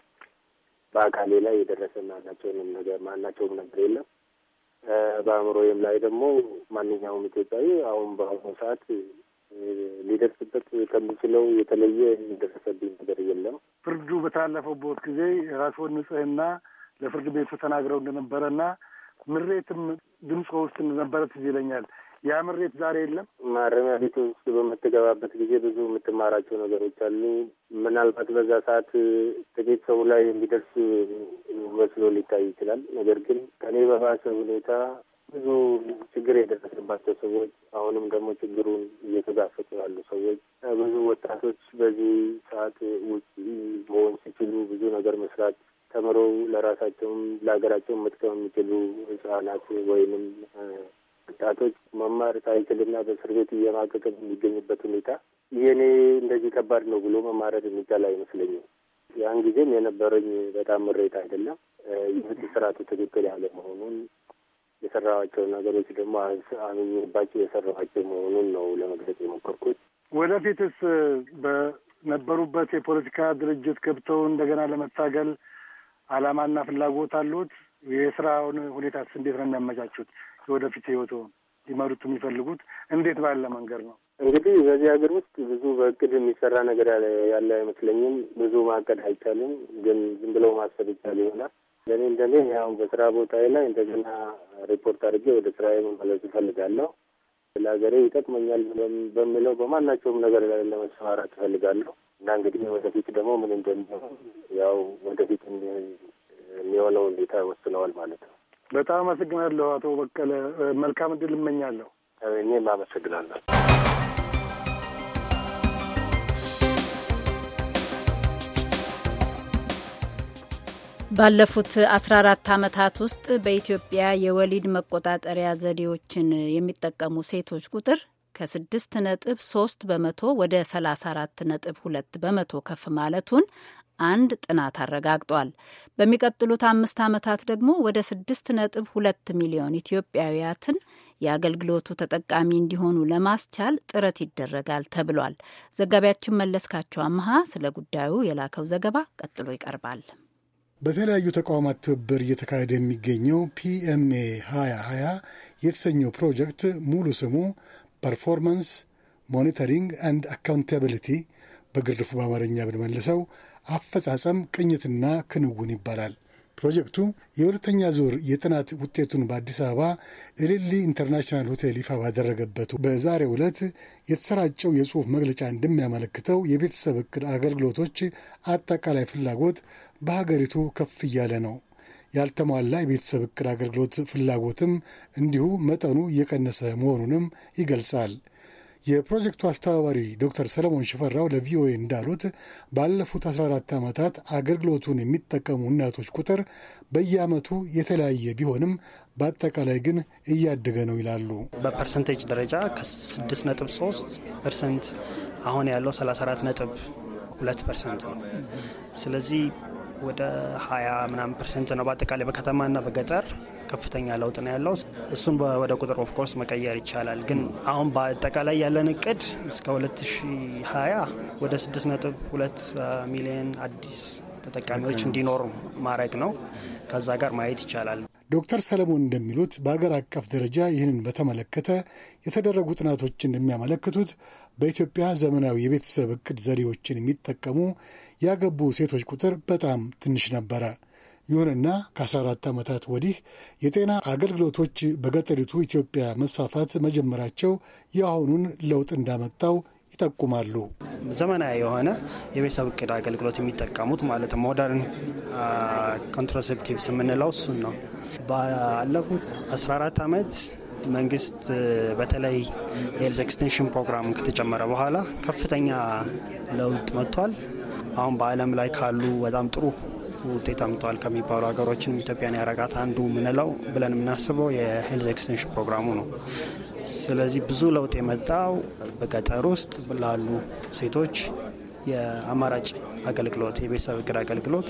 በአካሌ ላይ የደረሰ ማናቸውንም ነገር ማናቸውም ነገር የለም። በአእምሮዬም ላይ ደግሞ ማንኛውም ኢትዮጵያዊ አሁን በአሁኑ ሰዓት ሊደርስበት ከምችለው የተለየ የደረሰብኝ ነገር የለም። ፍርዱ በተላለፈበት ጊዜ የራስዎን ንጽህና ለፍርድ ቤቱ ተናግረው እንደነበረና ምሬትም ድምፅ ውስጥ እንደነበረ ትዝ ይለኛል። ያ ምሬት ዛሬ የለም። ማረሚያ ቤት ውስጥ በምትገባበት ጊዜ ብዙ የምትማራቸው ነገሮች አሉ። ምናልባት በዛ ሰዓት ጥቂት ሰው ላይ የሚደርስ መስሎ ሊታይ ይችላል። ነገር ግን ከኔ በባሰ ሁኔታ ብዙ ችግር የደረሰባቸው ሰዎች አሁንም ደግሞ ችግሩን እየተጋፈጡ ያሉ ሰዎች ብዙ ወጣቶች በዚህ ሰዓት ውጭ መሆን ሲችሉ ብዙ ነገር መስራት ተምረው ለራሳቸውም ለሀገራቸውም መጥቀም የሚችሉ ህጻናት ወይንም ወጣቶች መማር ሳይችልና በእስር ቤት እየማቀቅ የሚገኝበት ሁኔታ የኔ እንደዚህ ከባድ ነው ብሎ መማረድ የሚቻል አይመስለኝም። ያን ጊዜም የነበረኝ በጣም ምሬት አይደለም ይህ ስርዓቱ ትክክል ያለ መሆኑን የሰራኋቸው ነገሮች ደግሞ አምኜባቸው የሰራኋቸው መሆኑን ነው ለመግለጽ የሞከርኩት። ወደፊትስ በነበሩበት የፖለቲካ ድርጅት ገብተው እንደገና ለመታገል ዓላማና ፍላጎት አሉት? የስራውን ሁኔታስ እንዴት ነው የሚያመቻቹት? የወደፊት ህይወቶ ሊመሩት የሚፈልጉት እንዴት ባለ መንገድ ነው? እንግዲህ በዚህ ሀገር ውስጥ ብዙ በእቅድ የሚሰራ ነገር ያለ አይመስለኝም። ብዙ ማቀድ አይቻልም፣ ግን ዝም ብለው ማሰብ ይቻል ይሆናል። ለእኔ እንደኔ ያው በስራ ቦታዬ ላይ እንደገና ሪፖርት አድርጌ ወደ ስራዬ መመለስ እፈልጋለሁ። ለሀገሬ ይጠቅመኛል በሚለው በማናቸውም ነገር ላይ ለመሰማራት እፈልጋለሁ እና እንግዲህ ወደፊት ደግሞ ምን እንደሚሆን ያው ወደፊት የሚሆነው ሁኔታ ይወስነዋል ማለት ነው። በጣም አመሰግናለሁ አቶ በቀለ። መልካም እድል እመኛለሁ። እኔም አመሰግናለሁ። ባለፉት 14 ዓመታት ውስጥ በኢትዮጵያ የወሊድ መቆጣጠሪያ ዘዴዎችን የሚጠቀሙ ሴቶች ቁጥር ከ6 ነጥብ 3 በመቶ ወደ 34 ነጥብ 2 በመቶ ከፍ ማለቱን አንድ ጥናት አረጋግጧል። በሚቀጥሉት አምስት ዓመታት ደግሞ ወደ 6 ነጥብ 2 ሚሊዮን ኢትዮጵያውያትን የአገልግሎቱ ተጠቃሚ እንዲሆኑ ለማስቻል ጥረት ይደረጋል ተብሏል። ዘጋቢያችን መለስካቸው አመሃ ስለ ጉዳዩ የላከው ዘገባ ቀጥሎ ይቀርባል። በተለያዩ ተቋማት ትብብር እየተካሄደ የሚገኘው ፒኤምኤ 2020 የተሰኘው ፕሮጀክት ሙሉ ስሙ ፐርፎርማንስ ሞኒተሪንግ አንድ አካውንታብሊቲ በግርድፉ በአማርኛ ብንመልሰው አፈጻጸም ቅኝትና ክንውን ይባላል። ፕሮጀክቱ የሁለተኛ ዙር የጥናት ውጤቱን በአዲስ አበባ ኤሌሊ ኢንተርናሽናል ሆቴል ይፋ ባደረገበት በዛሬ ዕለት የተሰራጨው የጽሑፍ መግለጫ እንደሚያመለክተው የቤተሰብ እቅድ አገልግሎቶች አጠቃላይ ፍላጎት በሀገሪቱ ከፍ እያለ ነው። ያልተሟላ የቤተሰብ እቅድ አገልግሎት ፍላጎትም እንዲሁ መጠኑ እየቀነሰ መሆኑንም ይገልጻል። የፕሮጀክቱ አስተባባሪ ዶክተር ሰለሞን ሽፈራው ለቪኦኤ እንዳሉት ባለፉት 14 ዓመታት አገልግሎቱን የሚጠቀሙ እናቶች ቁጥር በየዓመቱ የተለያየ ቢሆንም በአጠቃላይ ግን እያደገ ነው ይላሉ። በፐርሰንቴጅ ደረጃ ከ6.3 ፐርሰንት አሁን ያለው 34.2 ፐርሰንት ነው። ስለዚህ ወደ 20 ምናምን ፐርሰንት ነው በአጠቃላይ በከተማና በገጠር ከፍተኛ ለውጥ ነው ያለው። እሱን ወደ ቁጥር ኦፍኮርስ መቀየር ይቻላል፣ ግን አሁን በአጠቃላይ ያለን እቅድ እስከ 2020 ወደ 6.2 ሚሊዮን አዲስ ተጠቃሚዎች እንዲኖር ማድረግ ነው። ከዛ ጋር ማየት ይቻላል። ዶክተር ሰለሞን እንደሚሉት በአገር አቀፍ ደረጃ ይህንን በተመለከተ የተደረጉ ጥናቶች እንደሚያመለክቱት በኢትዮጵያ ዘመናዊ የቤተሰብ እቅድ ዘዴዎችን የሚጠቀሙ ያገቡ ሴቶች ቁጥር በጣም ትንሽ ነበረ። ይሁንና ከ14 ዓመታት ወዲህ የጤና አገልግሎቶች በገጠሪቱ ኢትዮጵያ መስፋፋት መጀመራቸው የአሁኑን ለውጥ እንዳመጣው ይጠቁማሉ። ዘመናዊ የሆነ የቤተሰብ እቅድ አገልግሎት የሚጠቀሙት ማለት ሞደርን ኮንትራሴፕቲቭስ የምንለው እሱን ነው። ባለፉት 14 ዓመት መንግስት በተለይ ሄልዝ ኤክስቴንሽን ፕሮግራም ከተጨመረ በኋላ ከፍተኛ ለውጥ መጥቷል። አሁን በዓለም ላይ ካሉ በጣም ጥሩ ውጤት አምጠዋል ከሚባሉ ሀገሮችንም ኢትዮጵያን ያረጋት አንዱ ምንለው ብለን የምናስበው የሄልዝ ኤክስቴንሽን ፕሮግራሙ ነው። ስለዚህ ብዙ ለውጥ የመጣው በገጠር ውስጥ ላሉ ሴቶች የአማራጭ አገልግሎት የቤተሰብ እቅድ አገልግሎት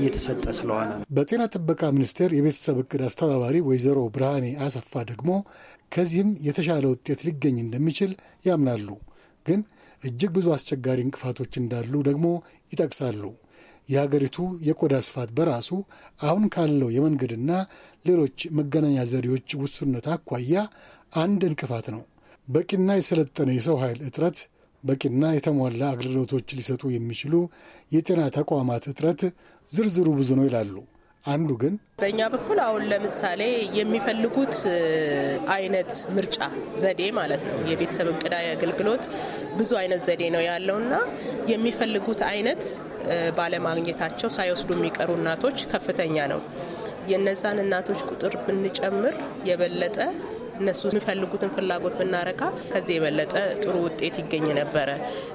እየተሰጠ ስለሆነ ነው። በጤና ጥበቃ ሚኒስቴር የቤተሰብ እቅድ አስተባባሪ ወይዘሮ ብርሃኔ አሰፋ ደግሞ ከዚህም የተሻለ ውጤት ሊገኝ እንደሚችል ያምናሉ። ግን እጅግ ብዙ አስቸጋሪ እንቅፋቶች እንዳሉ ደግሞ ይጠቅሳሉ። የሀገሪቱ የቆዳ ስፋት በራሱ አሁን ካለው የመንገድና ሌሎች መገናኛ ዘዴዎች ውሱንነት አኳያ አንድ እንቅፋት ነው። በቂና የሰለጠነ የሰው ኃይል እጥረት፣ በቂና የተሟላ አገልግሎቶች ሊሰጡ የሚችሉ የጤና ተቋማት እጥረት ዝርዝሩ ብዙ ነው ይላሉ አንዱ ግን በእኛ በኩል አሁን ለምሳሌ የሚፈልጉት አይነት ምርጫ ዘዴ ማለት ነው። የቤተሰብ እቅድ አገልግሎት ብዙ አይነት ዘዴ ነው ያለውና የሚፈልጉት አይነት ባለማግኘታቸው ሳይወስዱ የሚቀሩ እናቶች ከፍተኛ ነው። የእነዛን እናቶች ቁጥር ብንጨምር የበለጠ እነሱ የሚፈልጉትን ፍላጎት ብናረካ ከዚህ የበለጠ ጥሩ ውጤት ይገኝ ነበረ።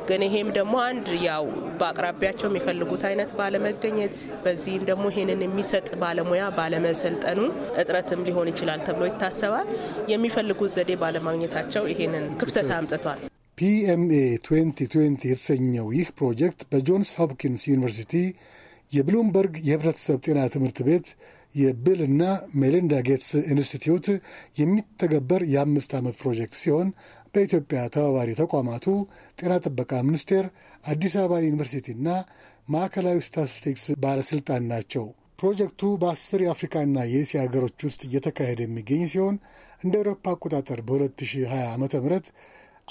ግን ይሄም ደግሞ አንድ ያው በአቅራቢያቸው የሚፈልጉት አይነት ባለመገኘት፣ በዚህም ደግሞ ይሄንን የሚሰጥ ባለሙያ ባለመሰልጠኑ እጥረትም ሊሆን ይችላል ተብሎ ይታሰባል። የሚፈልጉት ዘዴ ባለማግኘታቸው ይሄንን ክፍተት አምጥቷል። ፒኤምኤ 2020 የተሰኘው ይህ ፕሮጀክት በጆንስ ሆፕኪንስ ዩኒቨርሲቲ የብሉምበርግ የህብረተሰብ ጤና ትምህርት ቤት የቢልና ሜሊንዳ ጌትስ ኢንስቲትዩት የሚተገበር የአምስት ዓመት ፕሮጀክት ሲሆን በኢትዮጵያ ተባባሪ ተቋማቱ ጤና ጥበቃ ሚኒስቴር፣ አዲስ አበባ ዩኒቨርሲቲ እና ማዕከላዊ ስታቲስቲክስ ባለሥልጣን ናቸው። ፕሮጀክቱ በአስር የአፍሪካና የእስያ ሀገሮች ውስጥ እየተካሄደ የሚገኝ ሲሆን እንደ አውሮፓ አቆጣጠር በ2020 ዓ ም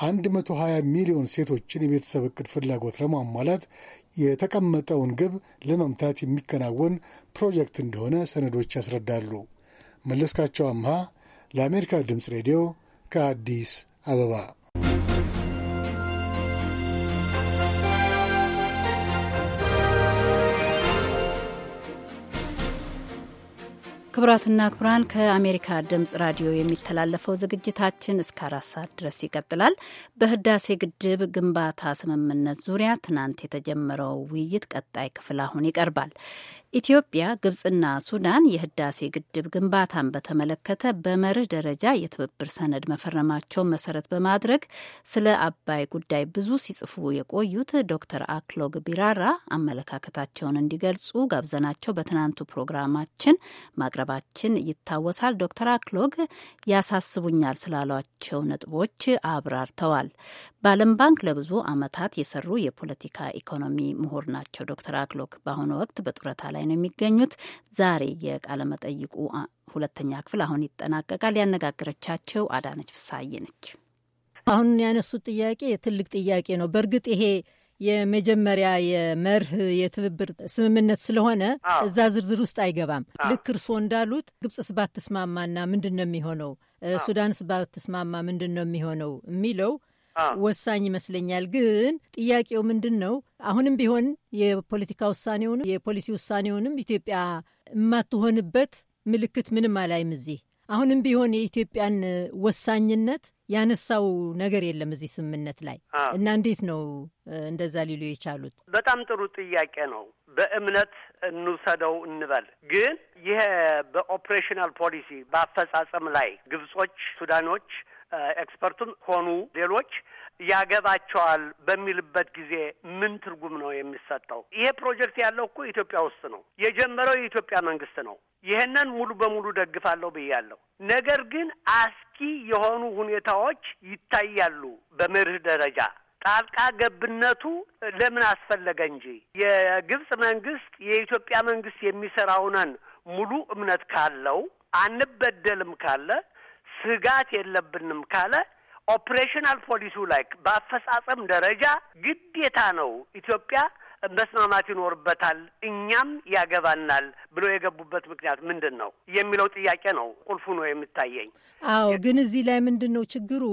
120 ሚሊዮን ሴቶችን የቤተሰብ እቅድ ፍላጎት ለማሟላት የተቀመጠውን ግብ ለመምታት የሚከናወን ፕሮጀክት እንደሆነ ሰነዶች ያስረዳሉ። መለስካቸው አምሃ ለአሜሪካ ድምፅ ሬዲዮ ከአዲስ አበባ ክቡራትና ክቡራን ከአሜሪካ ድምጽ ራዲዮ የሚተላለፈው ዝግጅታችን እስከ አራት ሰዓት ድረስ ይቀጥላል። በህዳሴ ግድብ ግንባታ ስምምነት ዙሪያ ትናንት የተጀመረው ውይይት ቀጣይ ክፍል አሁን ይቀርባል። ኢትዮጵያ፣ ግብጽና ሱዳን የህዳሴ ግድብ ግንባታን በተመለከተ በመርህ ደረጃ የትብብር ሰነድ መፈረማቸውን መሰረት በማድረግ ስለ አባይ ጉዳይ ብዙ ሲጽፉ የቆዩት ዶክተር አክሎግ ቢራራ አመለካከታቸውን እንዲገልጹ ጋብዘናቸው በትናንቱ ፕሮግራማችን ማቅረባችን ይታወሳል። ዶክተር አክሎግ ያሳስቡኛል ስላሏቸው ነጥቦች አብራርተዋል። በዓለም ባንክ ለብዙ ዓመታት የሰሩ የፖለቲካ ኢኮኖሚ ምሁር ናቸው ዶክተር አክሎክ በአሁኑ ወቅት በጡረታ ላይ ነው የሚገኙት። ዛሬ የቃለመጠይቁ ሁለተኛ ክፍል አሁን ይጠናቀቃል። ያነጋገረቻቸው አዳነች ፍሳዬ ነች። አሁን ያነሱት ጥያቄ ትልቅ ጥያቄ ነው። በእርግጥ ይሄ የመጀመሪያ የመርህ የትብብር ስምምነት ስለሆነ እዛ ዝርዝር ውስጥ አይገባም። ልክ እርስዎ እንዳሉት ግብፅስ ባትስማማና ምንድን ነው የሚሆነው፣ ሱዳንስ ባትስማማ ምንድን ነው የሚሆነው የሚለው ወሳኝ ይመስለኛል። ግን ጥያቄው ምንድን ነው? አሁንም ቢሆን የፖለቲካ ውሳኔውንም የፖሊሲ ውሳኔውንም ኢትዮጵያ የማትሆንበት ምልክት ምንም አላይም። እዚህ አሁንም ቢሆን የኢትዮጵያን ወሳኝነት ያነሳው ነገር የለም እዚህ ስምምነት ላይ እና እንዴት ነው እንደዛ ሊሉ የቻሉት? በጣም ጥሩ ጥያቄ ነው። በእምነት እንውሰደው እንበል። ግን ይሄ በኦፕሬሽናል ፖሊሲ በአፈጻጸም ላይ ግብጾች፣ ሱዳኖች ኤክስፐርቱም ሆኑ ሌሎች ያገባቸዋል በሚልበት ጊዜ ምን ትርጉም ነው የሚሰጠው? ይሄ ፕሮጀክት ያለው እኮ ኢትዮጵያ ውስጥ ነው የጀመረው የኢትዮጵያ መንግስት ነው። ይህንን ሙሉ በሙሉ ደግፋለሁ ብያለሁ። ነገር ግን አስኪ የሆኑ ሁኔታዎች ይታያሉ በመርህ ደረጃ ጣልቃ ገብነቱ ለምን አስፈለገ እንጂ የግብጽ መንግስት የኢትዮጵያ መንግስት የሚሰራውንን ሙሉ እምነት ካለው አንበደልም ካለ ስጋት የለብንም ካለ ኦፕሬሽናል ፖሊሱ ላይ በአፈጻጸም ደረጃ ግዴታ ነው ኢትዮጵያ መስማማት ይኖርበታል፣ እኛም ያገባናል ብሎ የገቡበት ምክንያት ምንድን ነው የሚለው ጥያቄ ነው ቁልፉ ነው የሚታየኝ። አዎ፣ ግን እዚህ ላይ ምንድን ነው ችግሩ?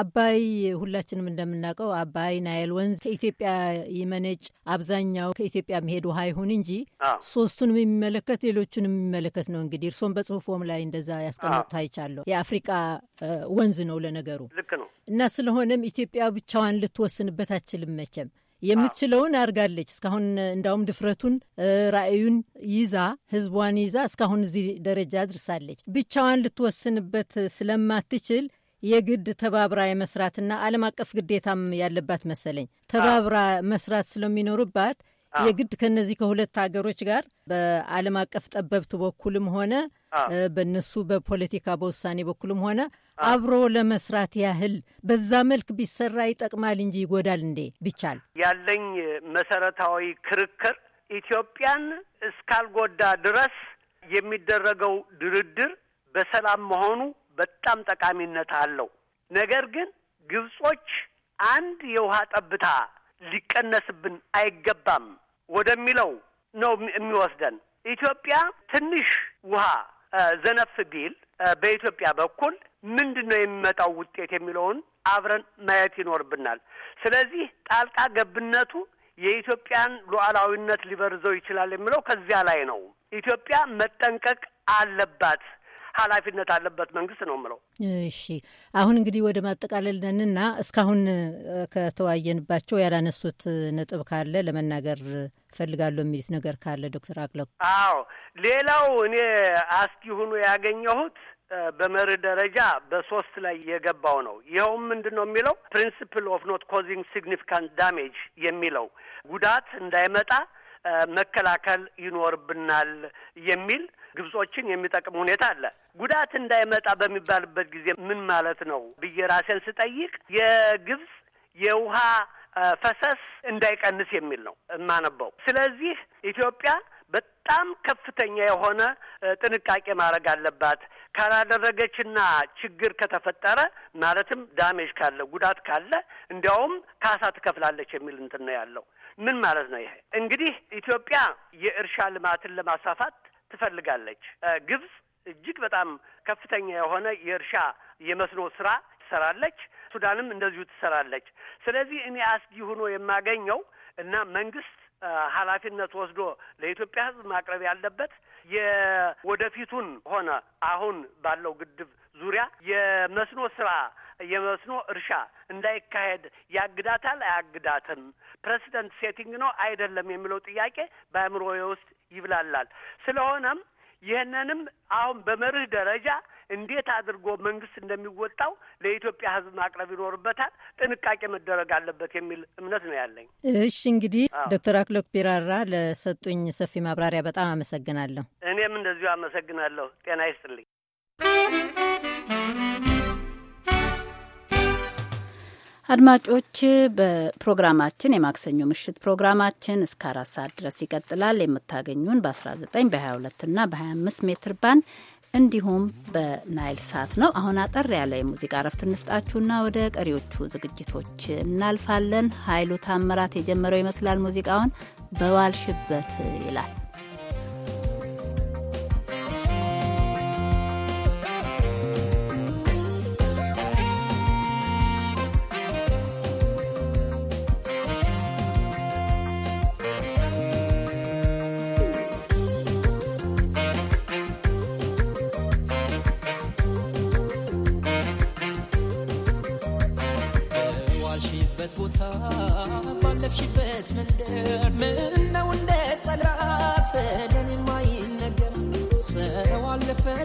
አባይ ሁላችንም እንደምናውቀው አባይ ናይል ወንዝ ከኢትዮጵያ ይመነጭ አብዛኛው ከኢትዮጵያ መሄድ ውሃ ይሁን እንጂ ሶስቱንም የሚመለከት ሌሎቹንም የሚመለከት ነው። እንግዲህ እርሶም በጽሁፎም ላይ እንደዛ ያስቀመጡት አይቻለሁ። የአፍሪቃ ወንዝ ነው ለነገሩ ልክ ነው። እና ስለሆነም ኢትዮጵያ ብቻዋን ልትወስንበት አችልም መቼም የምትችለውን አድርጋለች። እስካሁን እንዳውም ድፍረቱን ራዕዩን ይዛ ህዝቧን ይዛ እስካሁን እዚህ ደረጃ አድርሳለች። ብቻዋን ልትወስንበት ስለማትችል የግድ ተባብራ የመስራትና ዓለም አቀፍ ግዴታም ያለባት መሰለኝ ተባብራ መስራት ስለሚኖርባት የግድ ከነዚህ ከሁለት ሀገሮች ጋር በዓለም አቀፍ ጠበብት በኩልም ሆነ በእነሱ በፖለቲካ በውሳኔ በኩልም ሆነ አብሮ ለመስራት ያህል በዛ መልክ ቢሰራ ይጠቅማል እንጂ ይጎዳል እንዴ? ቢቻል ያለኝ መሰረታዊ ክርክር ኢትዮጵያን እስካልጎዳ ድረስ የሚደረገው ድርድር በሰላም መሆኑ በጣም ጠቃሚነት አለው። ነገር ግን ግብጾች አንድ የውሃ ጠብታ ሊቀነስብን አይገባም ወደሚለው ነው የሚወስደን። ኢትዮጵያ ትንሽ ውሃ ዘነፍ ቢል በኢትዮጵያ በኩል ምንድን ነው የሚመጣው ውጤት የሚለውን አብረን ማየት ይኖርብናል። ስለዚህ ጣልቃ ገብነቱ የኢትዮጵያን ሉዓላዊነት ሊበርዘው ይችላል የሚለው ከዚያ ላይ ነው። ኢትዮጵያ መጠንቀቅ አለባት ኃላፊነት አለበት መንግስት ነው ምለው። እሺ አሁን እንግዲህ ወደ ማጠቃለል ነንና እስካሁን ከተወያየንባቸው ያላነሱት ነጥብ ካለ ለመናገር ፈልጋለሁ የሚሉት ነገር ካለ ዶክተር አክለኩ። አዎ ሌላው እኔ አስጊ ሁኑ ያገኘሁት በመርህ ደረጃ በሶስት ላይ የገባው ነው። ይኸውም ምንድን ነው የሚለው ፕሪንስፕል ኦፍ ኖት ኮዚንግ ሲግኒፊካንት ዳሜጅ የሚለው ጉዳት እንዳይመጣ መከላከል ይኖርብናል የሚል ግብጾችን የሚጠቅም ሁኔታ አለ። ጉዳት እንዳይመጣ በሚባልበት ጊዜ ምን ማለት ነው ብዬ ራሴን ስጠይቅ የግብጽ የውሃ ፈሰስ እንዳይቀንስ የሚል ነው የማነበው። ስለዚህ ኢትዮጵያ በጣም ከፍተኛ የሆነ ጥንቃቄ ማድረግ አለባት። ካላደረገችና ችግር ከተፈጠረ ማለትም ዳሜጅ ካለ ጉዳት ካለ እንዲያውም ካሳ ትከፍላለች የሚል እንትን ነው ያለው። ምን ማለት ነው ይሄ? እንግዲህ ኢትዮጵያ የእርሻ ልማትን ለማስፋፋት ትፈልጋለች። ግብጽ እጅግ በጣም ከፍተኛ የሆነ የእርሻ የመስኖ ስራ ትሰራለች። ሱዳንም እንደዚሁ ትሰራለች። ስለዚህ እኔ አስጊ ሆኖ የማገኘው እና መንግስት ኃላፊነት ወስዶ ለኢትዮጵያ ሕዝብ ማቅረብ ያለበት የወደፊቱን ሆነ አሁን ባለው ግድብ ዙሪያ የመስኖ ስራ የመስኖ እርሻ እንዳይካሄድ ያግዳታል አያግዳትም? ፕሬዚደንት ሴቲንግ ነው አይደለም የሚለው ጥያቄ በአእምሮዬ ውስጥ ይብላላል። ስለሆነም ይህንንም አሁን በመርህ ደረጃ እንዴት አድርጎ መንግስት እንደሚወጣው ለኢትዮጵያ ሕዝብ ማቅረብ ይኖርበታል። ጥንቃቄ መደረግ አለበት የሚል እምነት ነው ያለኝ። እሺ እንግዲህ ዶክተር አክሎክ ቢራራ ለሰጡኝ ሰፊ ማብራሪያ በጣም አመሰግናለሁ። እኔም እንደዚሁ አመሰግናለሁ። ጤና ይስጥልኝ። አድማጮች በፕሮግራማችን የማክሰኞ ምሽት ፕሮግራማችን እስከ አራት ሰዓት ድረስ ይቀጥላል። የምታገኙን በ19 በ22 እና በ25 ሜትር ባንድ እንዲሁም በናይል ሳት ነው። አሁን አጠር ያለ የሙዚቃ እረፍት እንስጣችሁና ወደ ቀሪዎቹ ዝግጅቶች እናልፋለን። ኃይሉ ታምራት የጀመረው ይመስላል ሙዚቃውን በዋልሽበት ይላል።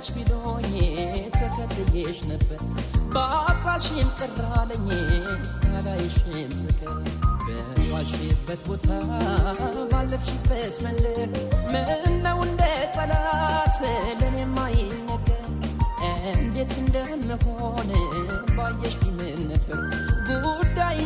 ሞተሽ ቢሎኝ ተከትዬሽ ነበር በአጣሽም ቅራለኝ ስታላይሽም ስቀር በዋሽበት ቦታ ባለፍሽበት መንደር ምነው እንደ ጠላት ለኔም አይነገር እንዴት እንደምሆን ባየሽ ምን ነበር ጉዳይ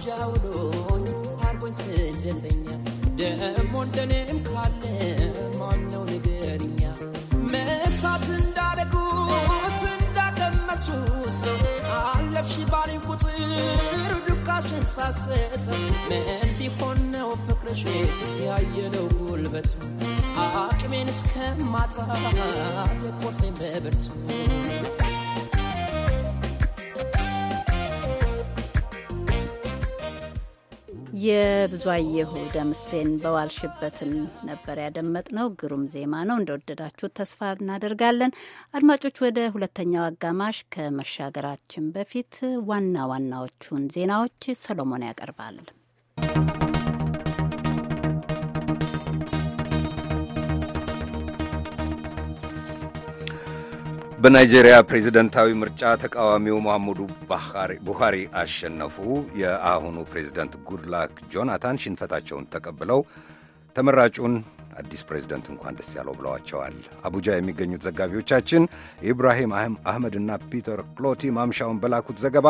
አጃውሎኝ አርጎኝ ስደተኛ ደሞ እንደኔም ካለ ማነው ንገርኛ መሳት እንዳደጉት እንዳቀመሱ ሰው አለፍሽ ባሪ ቁጥር ዱካሽን ሳሰሰ እንዲሆን ነው ፍቅርሽ ያየለው ጉልበቱ አቅሜን እስከማጣ ደቆሰኝ በብርቱ የብዙአየሁ ደምሴን በዋልሽበትን ነበር ያደመጥነው። ግሩም ዜማ ነው። እንደወደዳችሁት ተስፋ እናደርጋለን። አድማጮች፣ ወደ ሁለተኛው አጋማሽ ከመሻገራችን በፊት ዋና ዋናዎቹን ዜናዎች ሰሎሞን ያቀርባል። በናይጄሪያ ፕሬዝደንታዊ ምርጫ ተቃዋሚው መሐመዱ ቡኻሪ አሸነፉ። የአሁኑ ፕሬዝደንት ጉድላክ ጆናታን ሽንፈታቸውን ተቀብለው ተመራጩን አዲስ ፕሬዝደንት እንኳን ደስ ያለው ብለዋቸዋል። አቡጃ የሚገኙት ዘጋቢዎቻችን ኢብራሂም አህመድ እና ፒተር ክሎቲ ማምሻውን በላኩት ዘገባ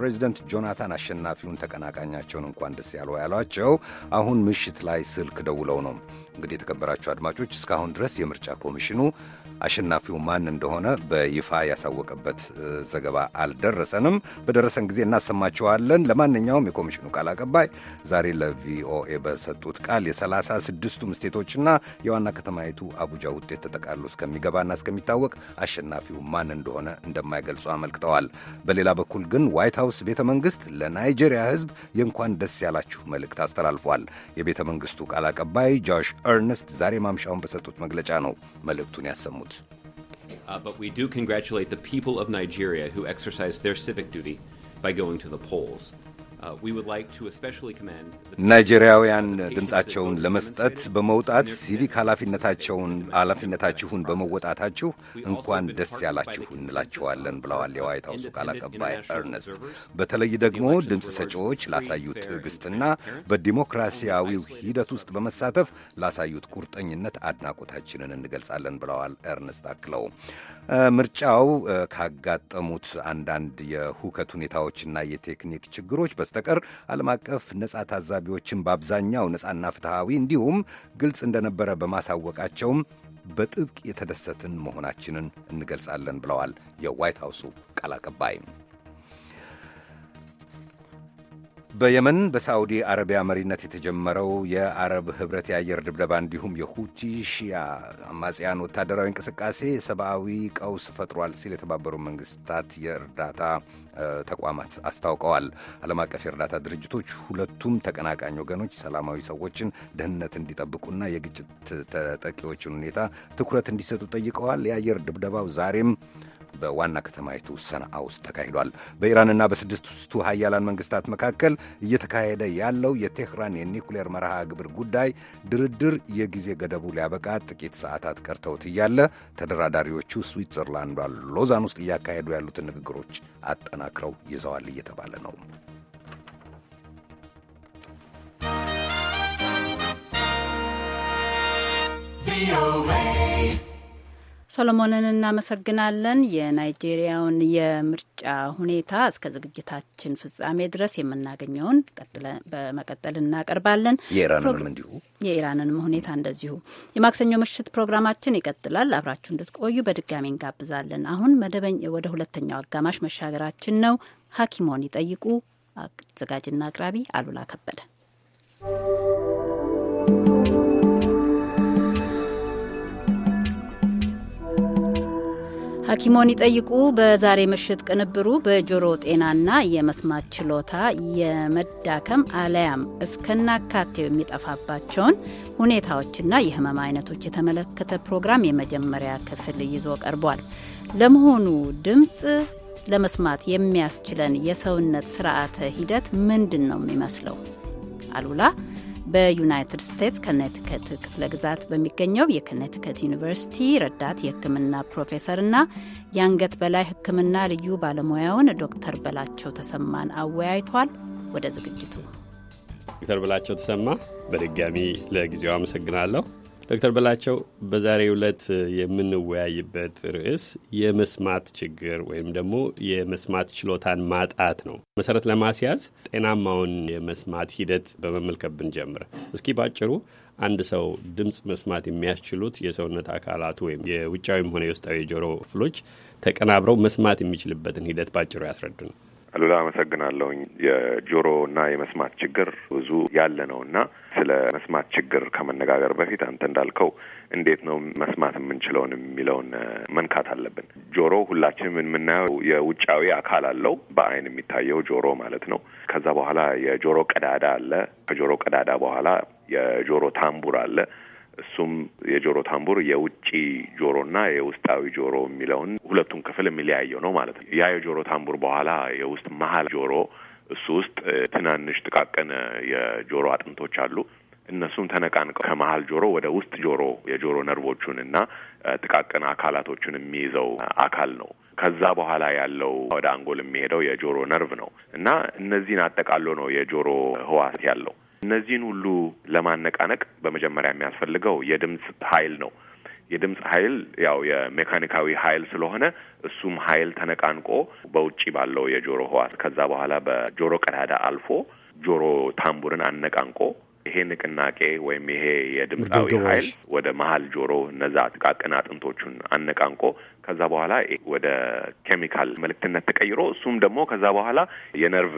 ፕሬዝደንት ጆናታን አሸናፊውን ተቀናቃኛቸውን እንኳን ደስ ያለው ያሏቸው አሁን ምሽት ላይ ስልክ ደውለው ነው። እንግዲህ የተከበራችሁ አድማጮች እስካሁን ድረስ የምርጫ ኮሚሽኑ አሸናፊው ማን እንደሆነ በይፋ ያሳወቀበት ዘገባ አልደረሰንም። በደረሰን ጊዜ እናሰማችኋለን። ለማንኛውም የኮሚሽኑ ቃል አቀባይ ዛሬ ለቪኦኤ በሰጡት ቃል የሰላሳ ስድስቱም ስቴቶችና የዋና ከተማይቱ አቡጃ ውጤት ተጠቃሎ እስከሚገባና እስከሚታወቅ አሸናፊው ማን እንደሆነ እንደማይገልጹ አመልክተዋል። በሌላ በኩል ግን ዋይት ሀውስ ቤተ መንግስት ለናይጄሪያ ህዝብ የእንኳን ደስ ያላችሁ መልእክት አስተላልፏል። የቤተ መንግስቱ ቃል አቀባይ ጆሽ ኤርነስት ዛሬ ማምሻውን በሰጡት መግለጫ ነው መልእክቱን ያሰሙት። Uh, but we do congratulate the people of Nigeria who exercised their civic duty by going to the polls. Uh, ናይጄሪያውያን ድምፃቸውን ለመስጠት በመውጣት ሲቪክ ኃላፊነታቸውን ኃላፊነታችሁን በመወጣታችሁ እንኳን ደስ ያላችሁ እንላችኋለን ብለዋል የዋይት ሀውሱ ቃል አቀባይ ኤርነስት። በተለይ ደግሞ ድምፅ ሰጪዎች ላሳዩት ትዕግስትና በዲሞክራሲያዊው ሂደት ውስጥ በመሳተፍ ላሳዩት ቁርጠኝነት አድናቆታችንን እንገልጻለን ብለዋል ኤርነስት አክለው ምርጫው ካጋጠሙት አንዳንድ የሁከት ሁኔታዎችና የቴክኒክ ችግሮች በስተቀር ዓለም አቀፍ ነጻ ታዛቢዎችን በአብዛኛው ነጻና ፍትሐዊ እንዲሁም ግልጽ እንደነበረ በማሳወቃቸውም በጥብቅ የተደሰትን መሆናችንን እንገልጻለን ብለዋል የዋይት ሃውሱ ቃል አቀባይም። በየመን በሳዑዲ አረቢያ መሪነት የተጀመረው የአረብ ህብረት የአየር ድብደባ እንዲሁም የሁቲ ሺያ አማጽያን ወታደራዊ እንቅስቃሴ ሰብአዊ ቀውስ ፈጥሯል ሲል የተባበሩ መንግስታት የእርዳታ ተቋማት አስታውቀዋል። ዓለም አቀፍ የእርዳታ ድርጅቶች ሁለቱም ተቀናቃኝ ወገኖች ሰላማዊ ሰዎችን ደህንነት እንዲጠብቁና የግጭት ተጠቂዎችን ሁኔታ ትኩረት እንዲሰጡ ጠይቀዋል። የአየር ድብደባው ዛሬም በዋና ከተማይቱ ሰነአ ውስጥ ተካሂዷል። በኢራንና በስድስቱ ሀያላን መንግስታት መካከል እየተካሄደ ያለው የቴህራን የኒኩሌር መርሃ ግብር ጉዳይ ድርድር የጊዜ ገደቡ ሊያበቃ ጥቂት ሰዓታት ቀርተውት እያለ ተደራዳሪዎቹ ስዊትዘርላንዷ ሎዛን ውስጥ እያካሄዱ ያሉትን ንግግሮች አጠናክረው ይዘዋል እየተባለ ነው። ሰሎሞንን እናመሰግናለን። የናይጄሪያውን የምርጫ ሁኔታ እስከ ዝግጅታችን ፍጻሜ ድረስ የምናገኘውን በመቀጠል እናቀርባለን። የኢራንንም እንዲሁ የኢራንንም ሁኔታ እንደዚሁ። የማክሰኞ ምሽት ፕሮግራማችን ይቀጥላል። አብራችሁ እንድትቆዩ በድጋሚ እንጋብዛለን። አሁን መደበኝ ወደ ሁለተኛው አጋማሽ መሻገራችን ነው። ሐኪሞን ይጠይቁ አዘጋጅና አቅራቢ አሉላ ከበደ ሐኪሞን ይጠይቁ በዛሬ ምሽት ቅንብሩ በጆሮ ጤናና የመስማት ችሎታ የመዳከም አለያም እስከናካቴው የሚጠፋባቸውን ሁኔታዎችና የህመም አይነቶች የተመለከተ ፕሮግራም የመጀመሪያ ክፍል ይዞ ቀርቧል። ለመሆኑ ድምፅ ለመስማት የሚያስችለን የሰውነት ስርዓተ ሂደት ምንድን ነው የሚመስለው? አሉላ በዩናይትድ ስቴትስ ከነቲከት ክፍለ ግዛት በሚገኘው የከነቲከት ዩኒቨርሲቲ ረዳት የሕክምና ፕሮፌሰርና የአንገት በላይ ሕክምና ልዩ ባለሙያውን ዶክተር በላቸው ተሰማን አወያይቷል። ወደ ዝግጅቱ ዶክተር በላቸው ተሰማ በድጋሚ ለጊዜው አመሰግናለሁ። ዶክተር በላቸው በዛሬው ዕለት የምንወያይበት ርዕስ የመስማት ችግር ወይም ደግሞ የመስማት ችሎታን ማጣት ነው። መሰረት ለማስያዝ ጤናማውን የመስማት ሂደት በመመልከት ብንጀምር እስኪ ባጭሩ አንድ ሰው ድምፅ መስማት የሚያስችሉት የሰውነት አካላቱ ወይም የውጫዊም ሆነ የውስጣዊ የጆሮ ክፍሎች ተቀናብረው መስማት የሚችልበትን ሂደት ባጭሩ ነው። አሉላ አመሰግናለሁኝ። የጆሮ እና የመስማት ችግር ብዙ ያለ ነው እና ስለ መስማት ችግር ከመነጋገር በፊት አንተ እንዳልከው እንዴት ነው መስማት የምንችለውን የሚለውን መንካት አለብን። ጆሮ ሁላችንም የምናየው የውጫዊ አካል አለው፣ በአይን የሚታየው ጆሮ ማለት ነው። ከዛ በኋላ የጆሮ ቀዳዳ አለ። ከጆሮ ቀዳዳ በኋላ የጆሮ ታምቡር አለ። እሱም የጆሮ ታምቡር የውጭ ጆሮና የውስጣዊ ጆሮ የሚለውን ሁለቱን ክፍል የሚለያየው ነው ማለት ነው። ያ የጆሮ ታምቡር በኋላ የውስጥ መሀል ጆሮ እሱ ውስጥ ትናንሽ ጥቃቅን የጆሮ አጥንቶች አሉ። እነሱም ተነቃንቀው ከመሀል ጆሮ ወደ ውስጥ ጆሮ የጆሮ ነርቮቹን እና ጥቃቅን አካላቶቹን የሚይዘው አካል ነው። ከዛ በኋላ ያለው ወደ አንጎል የሚሄደው የጆሮ ነርቭ ነው እና እነዚህን አጠቃሎ ነው የጆሮ ህዋሳት ያለው። እነዚህን ሁሉ ለማነቃነቅ በመጀመሪያ የሚያስፈልገው የድምፅ ኃይል ነው። የድምፅ ኃይል ያው የሜካኒካዊ ኃይል ስለሆነ እሱም ኃይል ተነቃንቆ በውጪ ባለው የጆሮ ህዋስ ከዛ በኋላ በጆሮ ቀዳዳ አልፎ ጆሮ ታምቡርን አነቃንቆ ይሄ ንቅናቄ ወይም ይሄ የድምፃዊ ኃይል ወደ መሀል ጆሮ እነዛ ጥቃቅን አጥንቶቹን አነቃንቆ ከዛ በኋላ ወደ ኬሚካል መልእክትነት ተቀይሮ እሱም ደግሞ ከዛ በኋላ የነርቭ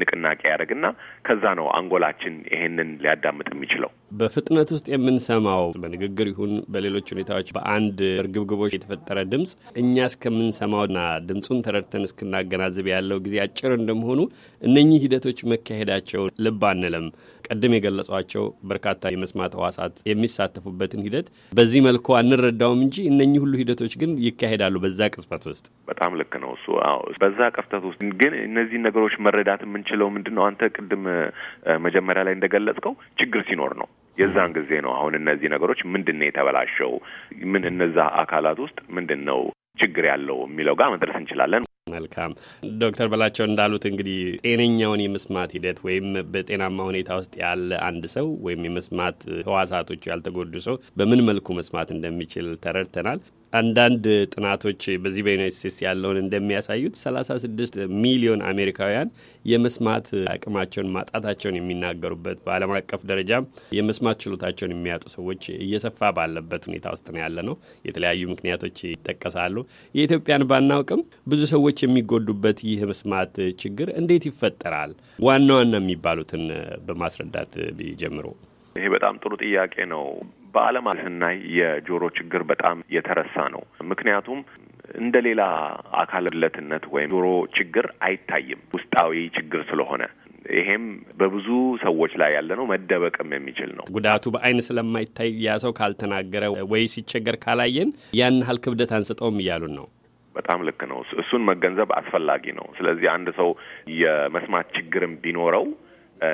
ንቅናቄ ያደርግና ከዛ ነው አንጎላችን ይሄንን ሊያዳምጥ የሚችለው። በፍጥነት ውስጥ የምንሰማው በንግግር ይሁን በሌሎች ሁኔታዎች በአንድ እርግብግቦች የተፈጠረ ድምፅ እኛ እስከምንሰማውና ድምፁን ተረድተን እስክናገናዝብ ያለው ጊዜ አጭር እንደመሆኑ እነኚህ ሂደቶች መካሄዳቸው ልብ አንለም። ቀደም የገለጿቸው በርካታ የመስማት ህዋሳት የሚሳተፉበትን ሂደት በዚህ መልኩ አንረዳውም እንጂ እነኚህ ሁሉ ሂደቶች ግን ይካሄዳሉ በዛ ቅጽበት ውስጥ። በጣም ልክ ነው እሱ። አዎ በዛ ቅጽበት ውስጥ ግን እነዚህን ነገሮች መረዳት የምንችለው ምንድን ነው አንተ ቅድም መጀመሪያ ላይ እንደገለጽከው ችግር ሲኖር ነው። የዛን ጊዜ ነው አሁን እነዚህ ነገሮች ምንድን ነው የተበላሸው፣ ምን እነዛ አካላት ውስጥ ምንድን ነው ችግር ያለው የሚለው ጋር መድረስ እንችላለን። መልካም ዶክተር በላቸው እንዳሉት እንግዲህ ጤነኛውን የመስማት ሂደት ወይም በጤናማ ሁኔታ ውስጥ ያለ አንድ ሰው ወይም የመስማት ህዋሳቶቹ ያልተጎዱ ሰው በምን መልኩ መስማት እንደሚችል ተረድተናል። አንዳንድ ጥናቶች በዚህ በዩናይት ስቴትስ ያለውን እንደሚያሳዩት 36 ሚሊዮን አሜሪካውያን የመስማት አቅማቸውን ማጣታቸውን የሚናገሩበት በዓለም አቀፍ ደረጃም የመስማት ችሎታቸውን የሚያጡ ሰዎች እየሰፋ ባለበት ሁኔታ ውስጥ ነው ያለ ነው። የተለያዩ ምክንያቶች ይጠቀሳሉ። የኢትዮጵያን ባናውቅም ብዙ ሰዎች የሚጎዱበት ይህ መስማት ችግር እንዴት ይፈጠራል? ዋና ዋና የሚባሉትን በማስረዳት ቢጀምሩ። ይሄ በጣም ጥሩ ጥያቄ ነው። በዓለም ስናይ የጆሮ ችግር በጣም የተረሳ ነው። ምክንያቱም እንደ ሌላ አካል ጉድለትነት ወይም ጆሮ ችግር አይታይም ውስጣዊ ችግር ስለሆነ ይሄም በብዙ ሰዎች ላይ ያለ ነው። መደበቅም የሚችል ነው። ጉዳቱ በአይን ስለማይታይ ያ ሰው ካልተናገረ ወይ ሲቸገር ካላየን ያን ያህል ክብደት አንስጠውም እያሉን ነው። በጣም ልክ ነው። እሱን መገንዘብ አስፈላጊ ነው። ስለዚህ አንድ ሰው የመስማት ችግርም ቢኖረው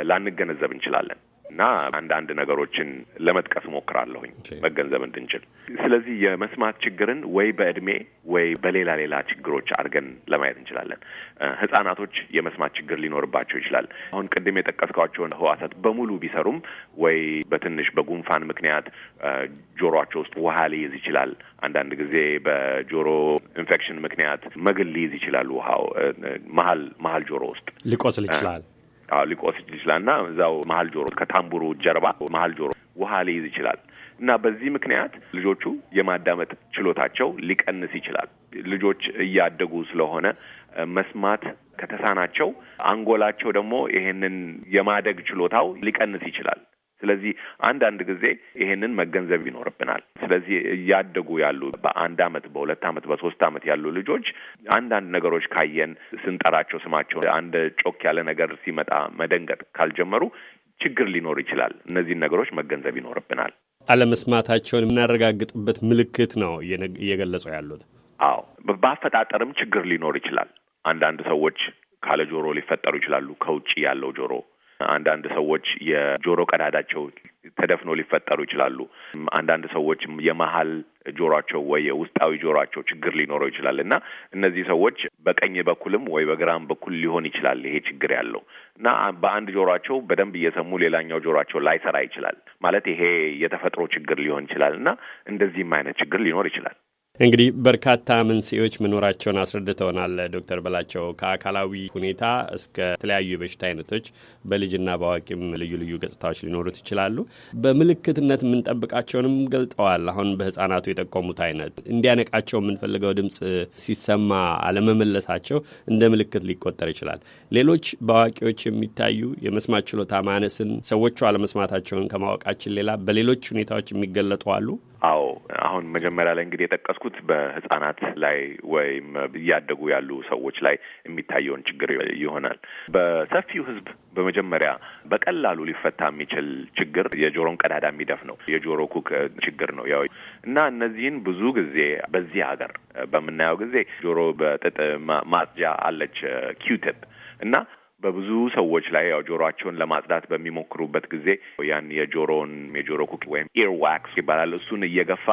ላንገነዘብ እንችላለን። እና አንዳንድ ነገሮችን ለመጥቀስ ሞክራለሁኝ መገንዘብ እንድንችል። ስለዚህ የመስማት ችግርን ወይ በእድሜ ወይ በሌላ ሌላ ችግሮች አድርገን ለማየት እንችላለን። ህጻናቶች የመስማት ችግር ሊኖርባቸው ይችላል። አሁን ቅድም የጠቀስኳቸውን ህዋሳት በሙሉ ቢሰሩም ወይ በትንሽ በጉንፋን ምክንያት ጆሮቸው ውስጥ ውሃ ሊይዝ ይችላል። አንዳንድ ጊዜ በጆሮ ኢንፌክሽን ምክንያት መግል ሊይዝ ይችላል። ውሃው መሀል መሀል ጆሮ ውስጥ ሊቆስል ይችላል። ሊቆስጅ ይችላል እና እዛው መሀል ጆሮ ከታምቡሩ ጀርባ መሀል ጆሮ ውሃ ሊይዝ ይችላል እና በዚህ ምክንያት ልጆቹ የማዳመጥ ችሎታቸው ሊቀንስ ይችላል። ልጆች እያደጉ ስለሆነ መስማት ከተሳናቸው አንጎላቸው ደግሞ ይሄንን የማደግ ችሎታው ሊቀንስ ይችላል። ስለዚህ አንዳንድ ጊዜ ይሄንን መገንዘብ ይኖርብናል። ስለዚህ እያደጉ ያሉ በአንድ አመት፣ በሁለት አመት፣ በሶስት አመት ያሉ ልጆች አንዳንድ ነገሮች ካየን ስንጠራቸው ስማቸው አንድ ጮክ ያለ ነገር ሲመጣ መደንገጥ ካልጀመሩ ችግር ሊኖር ይችላል። እነዚህን ነገሮች መገንዘብ ይኖርብናል። አለመስማታቸውን የምናረጋግጥበት ምልክት ነው እየገለጹ ያሉት። አዎ በአፈጣጠርም ችግር ሊኖር ይችላል። አንዳንድ ሰዎች ካለ ጆሮ ሊፈጠሩ ይችላሉ። ከውጭ ያለው ጆሮ አንዳንድ ሰዎች የጆሮ ቀዳዳቸው ተደፍኖ ሊፈጠሩ ይችላሉ። አንዳንድ ሰዎች የመሀል ጆሯቸው ወይ የውስጣዊ ጆሯቸው ችግር ሊኖረው ይችላል እና እነዚህ ሰዎች በቀኝ በኩልም ወይ በግራም በኩል ሊሆን ይችላል ይሄ ችግር ያለው እና በአንድ ጆሯቸው በደንብ እየሰሙ ሌላኛው ጆሯቸው ላይሰራ ይችላል። ማለት ይሄ የተፈጥሮ ችግር ሊሆን ይችላል እና እንደዚህም አይነት ችግር ሊኖር ይችላል። እንግዲህ በርካታ መንስኤዎች መኖራቸውን አስረድተውናል ዶክተር በላቸው ከአካላዊ ሁኔታ እስከ ተለያዩ የበሽታ አይነቶች በልጅና በአዋቂም ልዩ ልዩ ገጽታዎች ሊኖሩት ይችላሉ። በምልክትነት የምንጠብቃቸውንም ገልጠዋል። አሁን በህጻናቱ የጠቆሙት አይነት እንዲያነቃቸው የምንፈልገው ድምፅ ሲሰማ አለመመለሳቸው እንደ ምልክት ሊቆጠር ይችላል። ሌሎች በአዋቂዎች የሚታዩ የመስማት ችሎታ ማነስን ሰዎቹ አለመስማታቸውን ከማወቃችን ሌላ በሌሎች ሁኔታዎች የሚገለጡ አሉ። አዎ አሁን መጀመሪያ ላይ እንግዲህ የጠቀስኩት በህጻናት ላይ ወይም እያደጉ ያሉ ሰዎች ላይ የሚታየውን ችግር ይሆናል። በሰፊው ህዝብ በመጀመሪያ በቀላሉ ሊፈታ የሚችል ችግር የጆሮን ቀዳዳ የሚደፍ ነው፣ የጆሮ ኩክ ችግር ነው ያው እና እነዚህን ብዙ ጊዜ በዚህ ሀገር በምናየው ጊዜ ጆሮ በጥጥ ማጽጃ አለች ኪዩቲፕ እና በብዙ ሰዎች ላይ ያው ጆሮአቸውን ለማጽዳት በሚሞክሩበት ጊዜ ያን የጆሮን የጆሮ ኩኪ ወይም ዋክስ ይባላል እሱን እየገፋ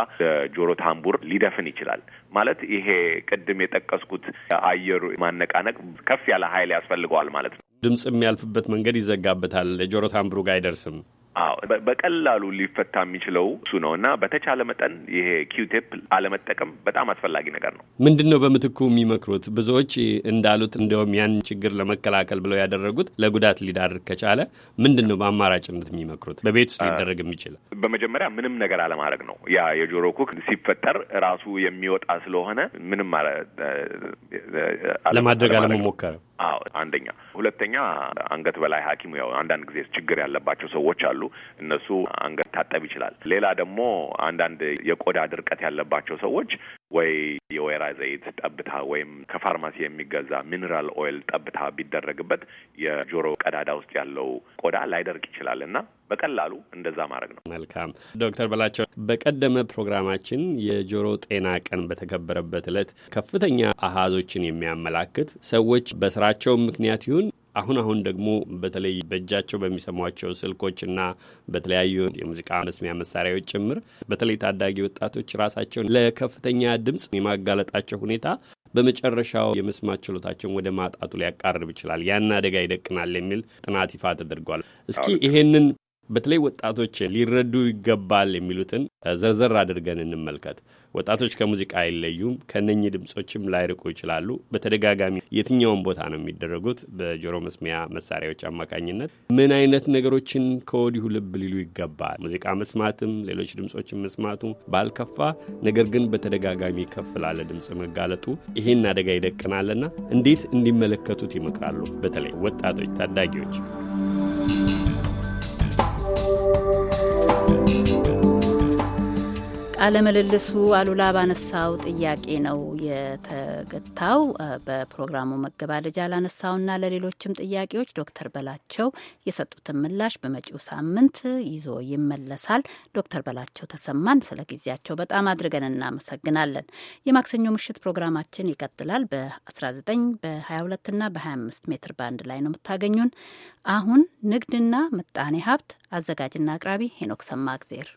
ጆሮ ታምቡር ሊደፍን ይችላል። ማለት ይሄ ቅድም የጠቀስኩት አየሩ ማነቃነቅ ከፍ ያለ ኃይል ያስፈልገዋል ማለት ነው። ድምፅ የሚያልፍበት መንገድ ይዘጋበታል። የጆሮ ታምቡሩ ጋር አይደርስም። አዎ በቀላሉ ሊፈታ የሚችለው እሱ ነው እና በተቻለ መጠን ይሄ ኪውቴፕ አለመጠቀም በጣም አስፈላጊ ነገር ነው። ምንድን ነው በምትኩ የሚመክሩት? ብዙዎች እንዳሉት እንደውም ያን ችግር ለመከላከል ብለው ያደረጉት ለጉዳት ሊዳርግ ከቻለ ምንድን ነው በአማራጭነት የሚመክሩት? በቤት ውስጥ ሊደረግ የሚችል በመጀመሪያ ምንም ነገር አለማድረግ ነው። ያ የጆሮ ኩክ ሲፈጠር ራሱ የሚወጣ ስለሆነ ምንም ለማድረግ አለመሞከር አዎ አንደኛ። ሁለተኛ አንገት በላይ ሐኪም ያው አንዳንድ ጊዜ ችግር ያለባቸው ሰዎች አሉ። እነሱ አንገት ታጠብ ይችላል። ሌላ ደግሞ አንዳንድ የቆዳ ድርቀት ያለባቸው ሰዎች ወይ የወይራ ዘይት ጠብታ ወይም ከፋርማሲ የሚገዛ ሚኒራል ኦይል ጠብታ ቢደረግበት የጆሮ ቀዳዳ ውስጥ ያለው ቆዳ ላይደርቅ ይችላል እና በቀላሉ እንደዛ ማድረግ ነው። መልካም ዶክተር በላቸው በቀደመ ፕሮግራማችን የጆሮ ጤና ቀን በተከበረበት ዕለት ከፍተኛ አሃዞችን የሚያመላክት ሰዎች በስራቸው ምክንያት ይሁን አሁን አሁን ደግሞ በተለይ በእጃቸው በሚሰሟቸው ስልኮችና በተለያዩ የሙዚቃ መስሚያ መሳሪያዎች ጭምር በተለይ ታዳጊ ወጣቶች ራሳቸውን ለከፍተኛ ድምፅ የማጋለጣቸው ሁኔታ በመጨረሻው የመስማት ችሎታቸውን ወደ ማጣቱ ሊያቃርብ ይችላል፣ ያን አደጋ ይደቅናል የሚል ጥናት ይፋ ተደርጓል። እስኪ ይሄንን በተለይ ወጣቶች ሊረዱ ይገባል የሚሉትን ዘርዘር አድርገን እንመልከት። ወጣቶች ከሙዚቃ አይለዩም፣ ከነኚህ ድምፆችም ላይርቁ ይችላሉ። በተደጋጋሚ የትኛውን ቦታ ነው የሚደረጉት? በጆሮ መስሚያ መሳሪያዎች አማካኝነት ምን አይነት ነገሮችን ከወዲሁ ልብ ሊሉ ይገባል? ሙዚቃ መስማትም ሌሎች ድምፆችን መስማቱ ባልከፋ፣ ነገር ግን በተደጋጋሚ ከፍ ላለ ድምፅ መጋለጡ ይሄን አደጋ ይደቅናልና እንዴት እንዲመለከቱት ይመክራሉ? በተለይ ወጣቶች ታዳጊዎች ቃለምልልሱ አሉላ ባነሳው ጥያቄ ነው የተገታው። በፕሮግራሙ መገባደጃ ላነሳውና ለሌሎችም ጥያቄዎች ዶክተር በላቸው የሰጡትን ምላሽ በመጪው ሳምንት ይዞ ይመለሳል። ዶክተር በላቸው ተሰማን ስለ ጊዜያቸው በጣም አድርገን እናመሰግናለን። የማክሰኞ ምሽት ፕሮግራማችን ይቀጥላል። በ19 በ22ና በ25 ሜትር ባንድ ላይ ነው የምታገኙን። አሁን ንግድና ምጣኔ ሀብት አዘጋጅና አቅራቢ ሄኖክ ሰማእግዜር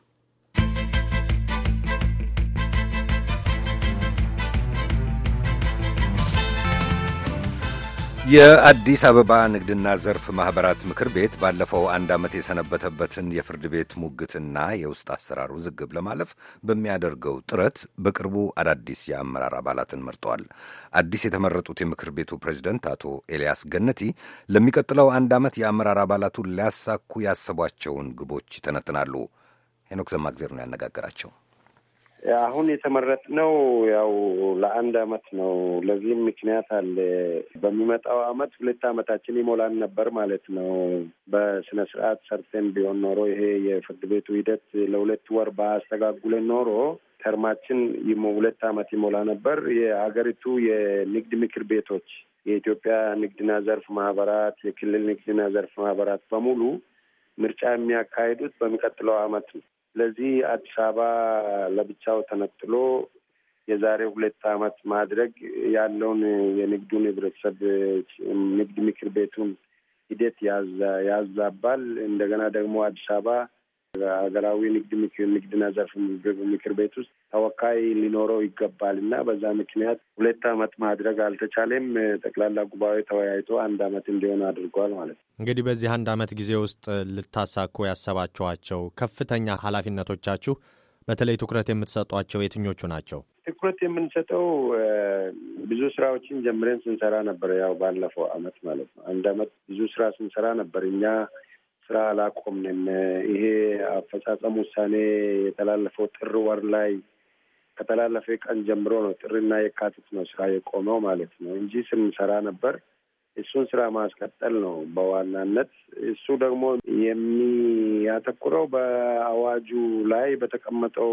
የአዲስ አበባ ንግድና ዘርፍ ማኅበራት ምክር ቤት ባለፈው አንድ ዓመት የሰነበተበትን የፍርድ ቤት ሙግትና የውስጥ አሰራር ውዝግብ ለማለፍ በሚያደርገው ጥረት በቅርቡ አዳዲስ የአመራር አባላትን መርጠዋል። አዲስ የተመረጡት የምክር ቤቱ ፕሬዚደንት አቶ ኤልያስ ገነቲ ለሚቀጥለው አንድ ዓመት የአመራር አባላቱን ሊያሳኩ ያሰቧቸውን ግቦች ይተነትናሉ። ሄኖክ ዘማግዜር ነው ያነጋገራቸው። አሁን የተመረጥነው ያው ለአንድ አመት ነው። ለዚህም ምክንያት አለ። በሚመጣው አመት ሁለት አመታችን ይሞላን ነበር ማለት ነው። በስነ ስርዓት ሰርተን ቢሆን ኖሮ ይሄ የፍርድ ቤቱ ሂደት ለሁለት ወር ባያስተጋጉለን ኖሮ ተርማችን ሁለት አመት ይሞላ ነበር። የሀገሪቱ የንግድ ምክር ቤቶች የኢትዮጵያ ንግድና ዘርፍ ማህበራት፣ የክልል ንግድና ዘርፍ ማህበራት በሙሉ ምርጫ የሚያካሂዱት በሚቀጥለው አመት ነው። ለዚህ አዲስ አበባ ለብቻው ተነጥሎ የዛሬ ሁለት ዓመት ማድረግ ያለውን የንግዱን ህብረተሰብ ንግድ ምክር ቤቱን ሂደት ያዛባል። እንደገና ደግሞ አዲስ አበባ ሀገራዊ ንግድ ንግድና ዘርፍ ምክር ቤት ውስጥ ተወካይ ሊኖረው ይገባል እና በዛ ምክንያት ሁለት አመት ማድረግ አልተቻለም። ጠቅላላ ጉባኤ ተወያይቶ አንድ አመት እንዲሆን አድርጓል ማለት ነው። እንግዲህ በዚህ አንድ አመት ጊዜ ውስጥ ልታሳኩ ያሰባችኋቸው ከፍተኛ ኃላፊነቶቻችሁ በተለይ ትኩረት የምትሰጧቸው የትኞቹ ናቸው? ትኩረት የምንሰጠው ብዙ ስራዎችን ጀምረን ስንሰራ ነበር። ያው ባለፈው አመት ማለት ነው። አንድ አመት ብዙ ስራ ስንሰራ ነበር እኛ ስራ አላቆምንም። ይሄ አፈጻጸም ውሳኔ የተላለፈው ጥር ወር ላይ ከተላለፈ ቀን ጀምሮ ነው ጥርና የካቲት ነው ስራ የቆመው ማለት ነው እንጂ ስንሰራ ነበር። እሱን ስራ ማስቀጠል ነው በዋናነት። እሱ ደግሞ የሚያተኩረው በአዋጁ ላይ በተቀመጠው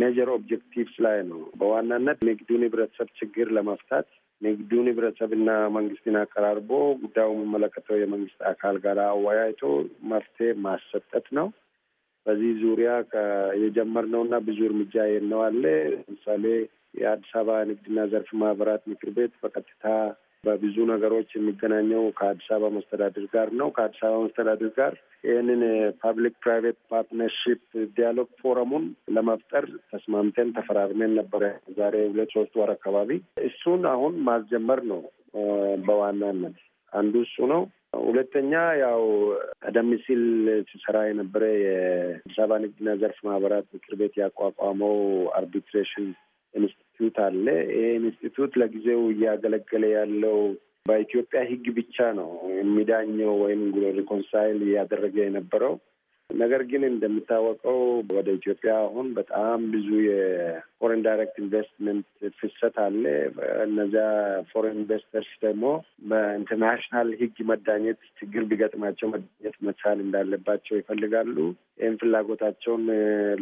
ሜጀር ኦብጀክቲቭስ ላይ ነው። በዋናነት ንግዱን ህብረተሰብ ችግር ለመፍታት ንግዱን ህብረተሰብና መንግስትን አቀራርቦ ጉዳዩ የሚመለከተው የመንግስት አካል ጋር አወያይቶ መፍትሄ ማሰጠት ነው። በዚህ ዙሪያ የጀመርነውና ብዙ እርምጃ የነዋለ ለምሳሌ የአዲስ አበባ ንግድና ዘርፍ ማህበራት ምክር ቤት በቀጥታ በብዙ ነገሮች የሚገናኘው ከአዲስ አበባ መስተዳድር ጋር ነው። ከአዲስ አበባ መስተዳድር ጋር ይህንን ፓብሊክ ፕራይቬት ፓርትነርሽፕ ዲያሎግ ፎረሙን ለመፍጠር ተስማምተን ተፈራርመን ነበረ ዛሬ ሁለት ሶስት ወር አካባቢ። እሱን አሁን ማስጀመር ነው በዋናነት አንዱ እሱ ነው። ሁለተኛ ያው ቀደም ሲል ሲሰራ የነበረ የአዲስ አበባ ንግድና ዘርፍ ማህበራት ምክር ቤት ያቋቋመው አርቢትሬሽን ኢንስቲትዩት አለ። ይሄ ኢንስቲትዩት ለጊዜው እያገለገለ ያለው በኢትዮጵያ ሕግ ብቻ ነው የሚዳኘው ወይም ሪኮንሳይል እያደረገ የነበረው ነገር ግን እንደሚታወቀው ወደ ኢትዮጵያ አሁን በጣም ብዙ የፎሬን ዳይሬክት ኢንቨስትመንት ፍሰት አለ። እነዚያ ፎሬን ኢንቨስተርስ ደግሞ በኢንተርናሽናል ሕግ መዳኘት ችግር ቢገጥማቸው መዳኘት መቻል እንዳለባቸው ይፈልጋሉ። ይህም ፍላጎታቸውን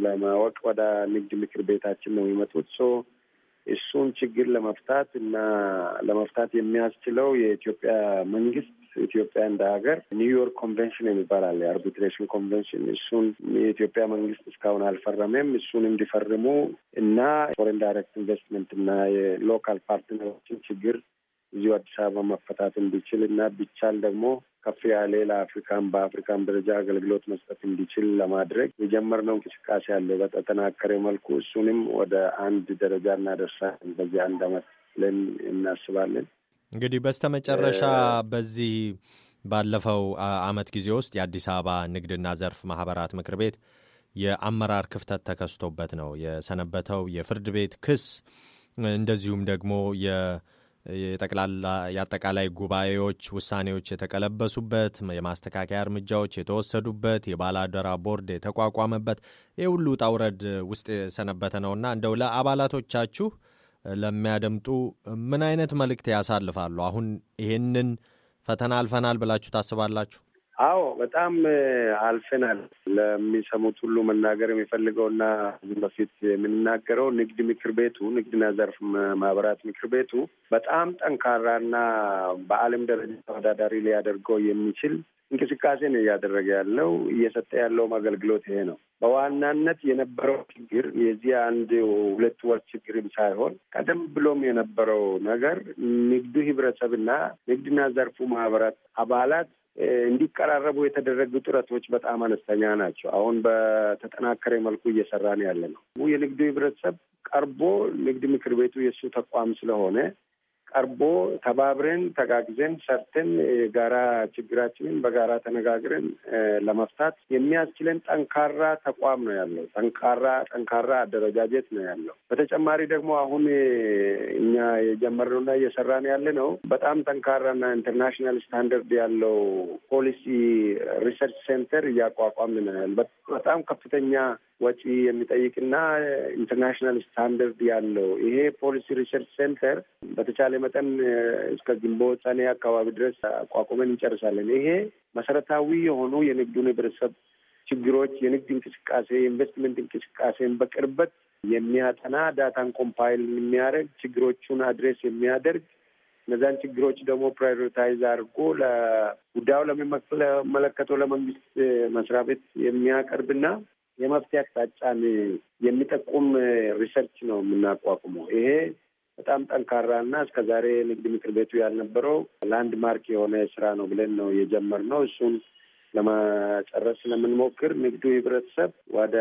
ለማወቅ ወደ ንግድ ምክር ቤታችን ነው የሚመጡት። ሶ እሱን ችግር ለመፍታት እና ለመፍታት የሚያስችለው የኢትዮጵያ መንግስት ኢትዮጵያ እንደ ሀገር ኒውዮርክ ኮንቬንሽን የሚባል አለ፣ የአርቢትሬሽን ኮንቬንሽን። እሱን የኢትዮጵያ መንግስት እስካሁን አልፈረመም። እሱን እንዲፈርሙ እና ፎሬን ዳይሬክት ኢንቨስትመንት እና የሎካል ፓርትነሮችን ችግር እዚሁ አዲስ አበባ መፈታት እንዲችል እና ቢቻል ደግሞ ከፍ ያለ ለአፍሪካን በአፍሪካን ደረጃ አገልግሎት መስጠት እንዲችል ለማድረግ የጀመርነው እንቅስቃሴ አለ በተጠናከረ መልኩ እሱንም ወደ አንድ ደረጃ እናደርሳለን በዚህ አንድ አመት ብለን እናስባለን። እንግዲህ በስተመጨረሻ በዚህ ባለፈው አመት ጊዜ ውስጥ የአዲስ አበባ ንግድና ዘርፍ ማህበራት ምክር ቤት የአመራር ክፍተት ተከስቶበት ነው የሰነበተው። የፍርድ ቤት ክስ እንደዚሁም ደግሞ የአጠቃላይ ጉባኤዎች ውሳኔዎች የተቀለበሱበት፣ የማስተካከያ እርምጃዎች የተወሰዱበት፣ የባላደራ ቦርድ የተቋቋመበት ይህ ሁሉ ውጣ ውረድ ውስጥ የሰነበተ ነውና እንደው ለአባላቶቻችሁ ለሚያደምጡ ምን አይነት መልእክት ያሳልፋሉ? አሁን ይሄንን ፈተና አልፈናል ብላችሁ ታስባላችሁ? አዎ በጣም አልፈናል። ለሚሰሙት ሁሉ መናገር የሚፈልገውና እዚህ በፊት የምንናገረው ንግድ ምክር ቤቱ ንግድና ዘርፍ ማህበራት ምክር ቤቱ በጣም ጠንካራና በዓለም ደረጃ ተወዳዳሪ ሊያደርገው የሚችል እንቅስቃሴ ነው እያደረገ ያለው። እየሰጠ ያለውም አገልግሎት ይሄ ነው። በዋናነት የነበረው ችግር የዚህ አንድ ሁለት ወር ችግርም ሳይሆን ቀደም ብሎም የነበረው ነገር ንግዱ ህብረተሰብና ንግድና ዘርፉ ማህበራት አባላት እንዲቀራረቡ የተደረጉ ጥረቶች በጣም አነስተኛ ናቸው። አሁን በተጠናከረ መልኩ እየሰራን ያለ ነው። የንግዱ ህብረተሰብ ቀርቦ ንግድ ምክር ቤቱ የእሱ ተቋም ስለሆነ ቀርቦ ተባብረን ተጋግዘን ሰርተን የጋራ ችግራችንን በጋራ ተነጋግረን ለመፍታት የሚያስችለን ጠንካራ ተቋም ነው ያለው። ጠንካራ ጠንካራ አደረጃጀት ነው ያለው። በተጨማሪ ደግሞ አሁን እኛ የጀመርነውና እየሰራን ያለ ነው በጣም ጠንካራና ኢንተርናሽናል ስታንደርድ ያለው ፖሊሲ ሪሰርች ሴንተር እያቋቋምን ነው ያለ በጣም ከፍተኛ ወጪ የሚጠይቅና ኢንተርናሽናል ስታንደርድ ያለው ይሄ ፖሊሲ ሪሰርች ሴንተር በተቻለ መጠን uh, እስከ ግንቦት ሰኔ አካባቢ ድረስ አቋቁመን እንጨርሳለን። ይሄ መሰረታዊ የሆኑ የንግዱን ህብረተሰብ ችግሮች፣ የንግድ እንቅስቃሴ፣ የኢንቨስትመንት እንቅስቃሴን በቅርበት የሚያጠና ዳታን ኮምፓይል የሚያደርግ ችግሮቹን አድሬስ የሚያደርግ እነዛን ችግሮች ደግሞ ፕራዮሪታይዝ አድርጎ ለጉዳዩ ለሚመለከተው ለመንግስት uh, መስሪያ ቤት የሚያቀርብና የመፍትሄ አቅጣጫን የሚጠቁም ሪሰርች ነው የምናቋቁመው። ይሄ በጣም ጠንካራ እና እስከዛሬ ንግድ ምክር ቤቱ ያልነበረው ላንድ ማርክ የሆነ ስራ ነው ብለን ነው የጀመርነው። እሱን ለመጨረስ ስለምንሞክር ንግዱ ህብረተሰብ ወደ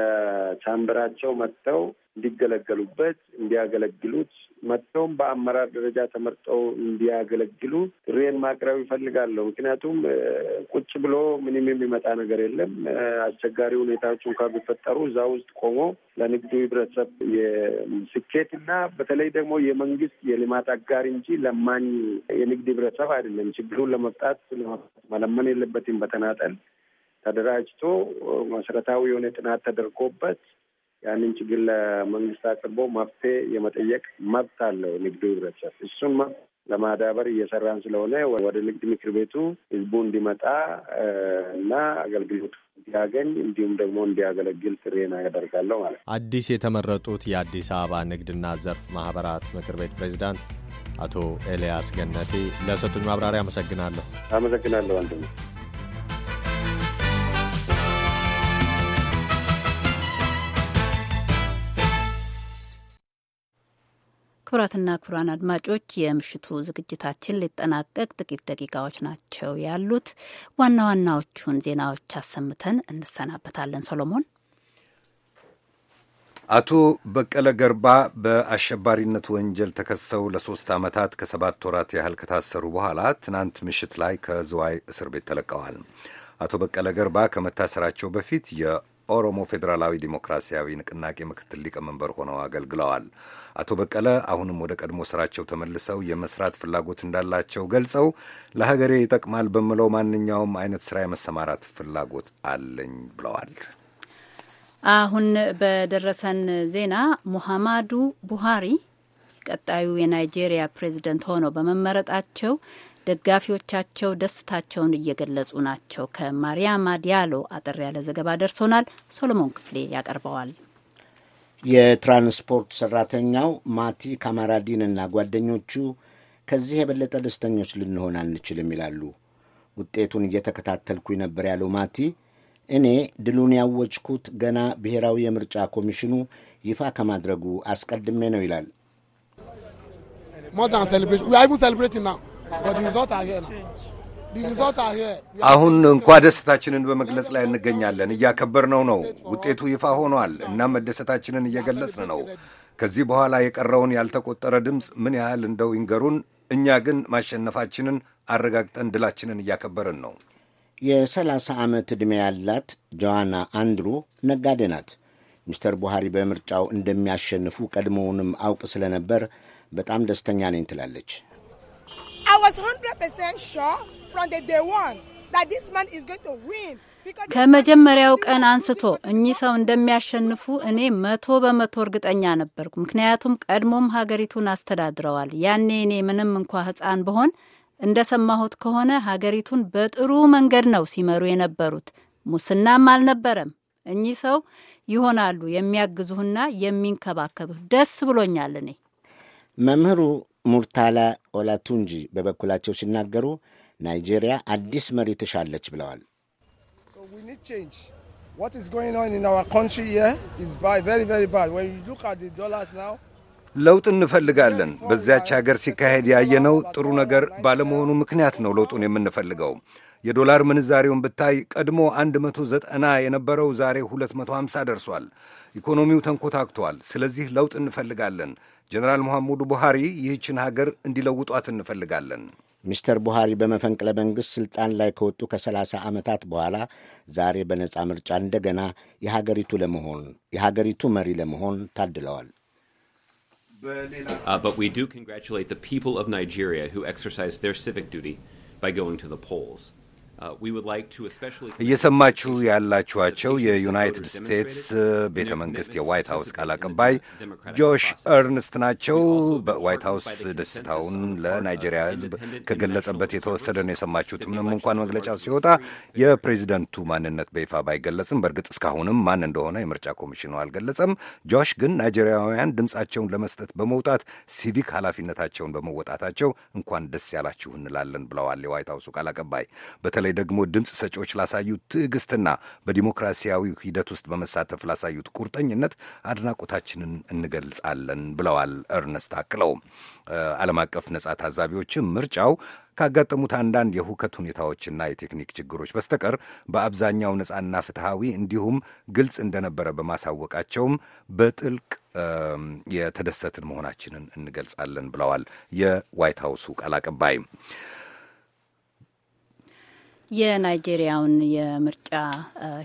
ቻምበራቸው መጥተው እንዲገለገሉበት እንዲያገለግሉት መጥተውም በአመራር ደረጃ ተመርጠው እንዲያገለግሉ ጥሬን ማቅረብ ይፈልጋለሁ። ምክንያቱም ቁጭ ብሎ ምንም የሚመጣ ነገር የለም። አስቸጋሪ ሁኔታዎች እንኳ ቢፈጠሩ እዛ ውስጥ ቆሞ ለንግዱ ህብረተሰብ የስኬት እና በተለይ ደግሞ የመንግስት የልማት አጋር እንጂ ለማኝ የንግድ ህብረተሰብ አይደለም። ችግሩን ለመፍታት መለመን የለበትም። በተናጠል ተደራጅቶ መሰረታዊ የሆነ ጥናት ተደርጎበት ያንን ችግር ለመንግስት አቅርቦ መፍትሄ የመጠየቅ መብት አለው ንግዱ ህብረተሰብ። እሱን መብት ለማዳበር እየሰራን ስለሆነ ወደ ንግድ ምክር ቤቱ ህዝቡ እንዲመጣ እና አገልግሎት እንዲያገኝ እንዲሁም ደግሞ እንዲያገለግል ትሬና ያደርጋለሁ ማለት ነው። አዲስ የተመረጡት የአዲስ አበባ ንግድና ዘርፍ ማህበራት ምክር ቤት ፕሬዚዳንት አቶ ኤልያስ ገነቴ ለሰጡኝ ማብራሪያ አመሰግናለሁ። አመሰግናለሁ አንዱ ክቡራትና ክቡራን አድማጮች የምሽቱ ዝግጅታችን ሊጠናቀቅ ጥቂት ደቂቃዎች ናቸው ያሉት። ዋና ዋናዎቹን ዜናዎች አሰምተን እንሰናበታለን። ሶሎሞን አቶ በቀለ ገርባ በአሸባሪነት ወንጀል ተከሰው ለሶስት ዓመታት ከሰባት ወራት ያህል ከታሰሩ በኋላ ትናንት ምሽት ላይ ከዝዋይ እስር ቤት ተለቀዋል። አቶ በቀለ ገርባ ከመታሰራቸው በፊት ኦሮሞ ፌዴራላዊ ዲሞክራሲያዊ ንቅናቄ ምክትል ሊቀመንበር ሆነው አገልግለዋል። አቶ በቀለ አሁንም ወደ ቀድሞ ስራቸው ተመልሰው የመስራት ፍላጎት እንዳላቸው ገልጸው ለሀገሬ ይጠቅማል በምለው ማንኛውም አይነት ስራ የመሰማራት ፍላጎት አለኝ ብለዋል። አሁን በደረሰን ዜና ሙሐማዱ ቡሃሪ ቀጣዩ የናይጄሪያ ፕሬዝደንት ሆነው በመመረጣቸው ደጋፊዎቻቸው ደስታቸውን እየገለጹ ናቸው። ከማሪያማ ዲያሎ አጠር ያለ ዘገባ ደርሶናል። ሶሎሞን ክፍሌ ያቀርበዋል። የትራንስፖርት ሰራተኛው ማቲ ካማራዲን እና ጓደኞቹ ከዚህ የበለጠ ደስተኞች ልንሆን አንችልም ይላሉ። ውጤቱን እየተከታተልኩኝ ነበር ያለው ማቲ እኔ ድሉን ያወጅኩት ገና ብሔራዊ የምርጫ ኮሚሽኑ ይፋ ከማድረጉ አስቀድሜ ነው ይላል። አሁን እንኳ ደስታችንን በመግለጽ ላይ እንገኛለን። እያከበርነው ነው። ውጤቱ ይፋ ሆኗል። እናም መደሰታችንን እየገለጽን ነው። ከዚህ በኋላ የቀረውን ያልተቆጠረ ድምፅ ምን ያህል እንደው ይንገሩን። እኛ ግን ማሸነፋችንን አረጋግጠን ድላችንን እያከበርን ነው። የሰላሳ ዓመት ዕድሜ ያላት ጆዋና አንድሩ ነጋዴ ናት። ሚስተር ቡሃሪ በምርጫው እንደሚያሸንፉ ቀድሞውንም አውቅ ስለነበር በጣም ደስተኛ ነኝ ትላለች። ከመጀመሪያው ቀን አንስቶ እኚህ ሰው እንደሚያሸንፉ እኔ መቶ በመቶ እርግጠኛ ነበርኩ። ምክንያቱም ቀድሞም ሀገሪቱን አስተዳድረዋል። ያኔ እኔ ምንም እንኳ ሕፃን ብሆን እንደሰማሁት ከሆነ ሀገሪቱን በጥሩ መንገድ ነው ሲመሩ የነበሩት። ሙስናም አልነበረም። እኚህ ሰው ይሆናሉ የሚያግዙህና የሚንከባከብህ። ደስ ብሎኛል እኔ መምህሩ ሙርታላ ኦላቱንጂ በበኩላቸው ሲናገሩ ናይጄሪያ አዲስ መሪ ትሻለች ብለዋል። ለውጥ እንፈልጋለን። በዚያች ሀገር ሲካሄድ ያየነው ጥሩ ነገር ባለመሆኑ ምክንያት ነው ለውጡን የምንፈልገው። የዶላር ምንዛሬውን ብታይ ቀድሞ 190 የነበረው ዛሬ 250 ደርሷል። ኢኮኖሚው ተንኮታክቷል። ስለዚህ ለውጥ እንፈልጋለን። ጀነራል መሐሙዱ ቡሃሪ ይህችን ሀገር እንዲለውጧት እንፈልጋለን። ሚስተር ቡሃሪ በመፈንቅለ መንግሥት ሥልጣን ላይ ከወጡ ከ30 ዓመታት በኋላ ዛሬ በነፃ ምርጫ እንደገና የሀገሪቱ ለመሆን የሀገሪቱ መሪ ለመሆን ታድለዋል። ኒጀሪያ ኤክሰርሳይዝ ሲቪክ ዲቲ ባይ ጎይንግ ቱ ፖልስ Uh, እየሰማችሁ ያላችኋቸው የዩናይትድ ስቴትስ ቤተ መንግስት የዋይት ሀውስ ቃል አቀባይ ጆሽ እርንስት ናቸው። በዋይት ሀውስ ደስታውን ለናይጄሪያ ሕዝብ ከገለጸበት የተወሰደ ነው የሰማችሁት። ምንም እንኳን መግለጫው ሲወጣ የፕሬዚደንቱ ማንነት በይፋ ባይገለጽም፣ በእርግጥ እስካሁንም ማን እንደሆነ የምርጫ ኮሚሽኑ አልገለጸም። ጆሽ ግን ናይጄሪያውያን ድምፃቸውን ለመስጠት በመውጣት ሲቪክ ኃላፊነታቸውን በመወጣታቸው እንኳን ደስ ያላችሁ እንላለን ብለዋል የዋይት ሀውሱ ቃል አቀባይ። በተለይ ደግሞ ድምፅ ሰጪዎች ላሳዩት ትዕግስትና በዲሞክራሲያዊ ሂደት ውስጥ በመሳተፍ ላሳዩት ቁርጠኝነት አድናቆታችንን እንገልጻለን ብለዋል። እርነስት አክለው ዓለም አቀፍ ነጻ ታዛቢዎችም ምርጫው ካጋጠሙት አንዳንድ የሁከት ሁኔታዎችና የቴክኒክ ችግሮች በስተቀር በአብዛኛው ነጻና ፍትሐዊ እንዲሁም ግልጽ እንደነበረ በማሳወቃቸውም በጥልቅ የተደሰትን መሆናችንን እንገልጻለን ብለዋል የዋይት ሀውሱ ቃል አቀባይ። የናይጄሪያውን የምርጫ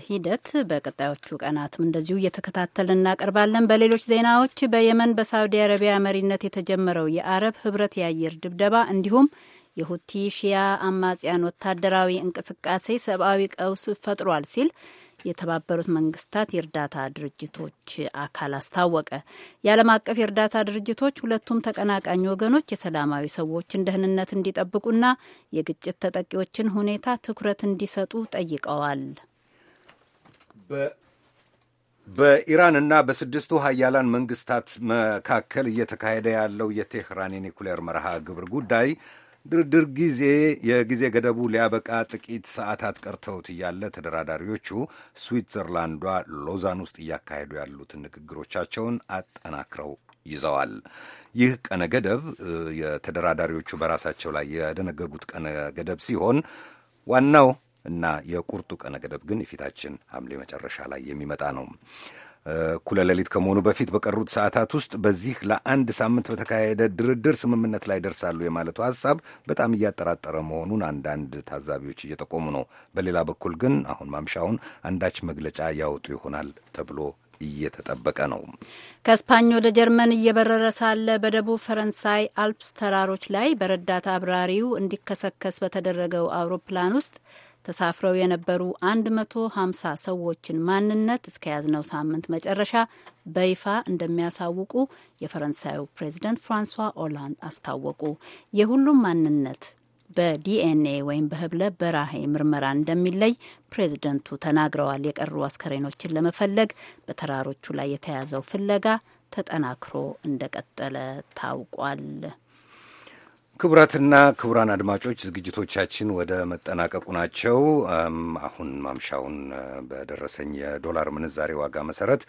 ሂደት በቀጣዮቹ ቀናትም እንደዚሁ እየተከታተል እናቀርባለን። በሌሎች ዜናዎች በየመን በሳውዲ አረቢያ መሪነት የተጀመረው የአረብ ህብረት የአየር ድብደባ እንዲሁም የሁቲ ሺያ አማጽያን ወታደራዊ እንቅስቃሴ ሰብአዊ ቀውስ ፈጥሯል ሲል የተባበሩት መንግስታት የእርዳታ ድርጅቶች አካል አስታወቀ። የዓለም አቀፍ የእርዳታ ድርጅቶች ሁለቱም ተቀናቃኝ ወገኖች የሰላማዊ ሰዎችን ደህንነት እንዲጠብቁና የግጭት ተጠቂዎችን ሁኔታ ትኩረት እንዲሰጡ ጠይቀዋል። በኢራንና በስድስቱ ሀያላን መንግስታት መካከል እየተካሄደ ያለው የቴህራን የኒኩሌር መርሃ ግብር ጉዳይ ድርድር ጊዜ የጊዜ ገደቡ ሊያበቃ ጥቂት ሰዓታት ቀርተውት እያለ ተደራዳሪዎቹ ስዊትዘርላንዷ ሎዛን ውስጥ እያካሄዱ ያሉትን ንግግሮቻቸውን አጠናክረው ይዘዋል። ይህ ቀነ ገደብ የተደራዳሪዎቹ በራሳቸው ላይ የደነገጉት ቀነ ገደብ ሲሆን ዋናው እና የቁርጡ ቀነ ገደብ ግን የፊታችን ሐምሌ መጨረሻ ላይ የሚመጣ ነው። እኩለ ሌሊት ከመሆኑ በፊት በቀሩት ሰዓታት ውስጥ በዚህ ለአንድ ሳምንት በተካሄደ ድርድር ስምምነት ላይ ደርሳሉ የማለቱ ሀሳብ በጣም እያጠራጠረ መሆኑን አንዳንድ ታዛቢዎች እየጠቆሙ ነው። በሌላ በኩል ግን አሁን ማምሻውን አንዳች መግለጫ ያወጡ ይሆናል ተብሎ እየተጠበቀ ነው። ከስፓኝ ወደ ጀርመን እየበረረ ሳለ በደቡብ ፈረንሳይ አልፕስ ተራሮች ላይ በረዳት አብራሪው እንዲከሰከስ በተደረገው አውሮፕላን ውስጥ ተሳፍረው የነበሩ 150 ሰዎችን ማንነት እስከ ያዝነው ሳምንት መጨረሻ በይፋ እንደሚያሳውቁ የፈረንሳዩ ፕሬዚደንት ፍራንሷ ኦላንድ አስታወቁ። የሁሉም ማንነት በዲኤንኤ ወይም በህብለ በራሄ ምርመራ እንደሚለይ ፕሬዝደንቱ ተናግረዋል። የቀሩ አስከሬኖችን ለመፈለግ በተራሮቹ ላይ የተያዘው ፍለጋ ተጠናክሮ እንደቀጠለ ታውቋል። ክቡራትና ክቡራን አድማጮች ዝግጅቶቻችን ወደ መጠናቀቁ ናቸው። አሁን ማምሻውን በደረሰኝ የዶላር ምንዛሬ ዋጋ መሰረት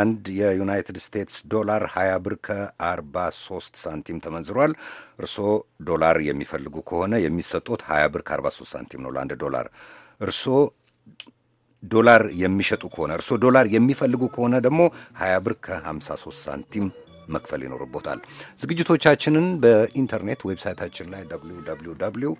አንድ የዩናይትድ ስቴትስ ዶላር 20 ብር ከ43 ሳንቲም ተመንዝሯል። እርስዎ ዶላር የሚፈልጉ ከሆነ የሚሰጡት 20 ብር ከ43 ሳንቲም ነው ለአንድ ዶላር። እርስዎ ዶላር የሚሸጡ ከሆነ እርስዎ ዶላር የሚፈልጉ ከሆነ ደግሞ 20 ብር ከ53 ሳንቲም መክፈል ይኖርቦታል። ዝግጅቶቻችንን በኢንተርኔት ዌብሳይታችን ላይ www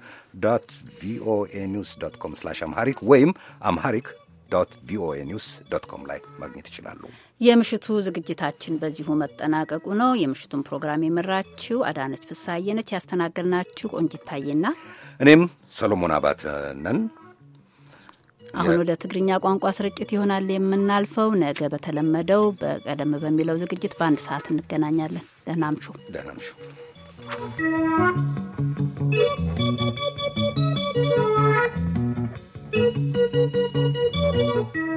ቪኦኤ ኒውስ ዶት ኮም ስላሽ አምሃሪክ ወይም አምሃሪክ ዶት ቪኦኤ ኒውስ ዶት ኮም ላይ ማግኘት ይችላሉ። የምሽቱ ዝግጅታችን በዚሁ መጠናቀቁ ነው። የምሽቱን ፕሮግራም የመራችው አዳነች ፍሳየነች፣ ያስተናገድናችሁ ቆንጂት ታዬና እኔም ሰሎሞን አባተ ነን። አሁን ወደ ትግርኛ ቋንቋ ስርጭት ይሆናል የምናልፈው። ነገ በተለመደው በቀደም በሚለው ዝግጅት በአንድ ሰዓት እንገናኛለን። ደህና አምሹ። ደህና አምሹ።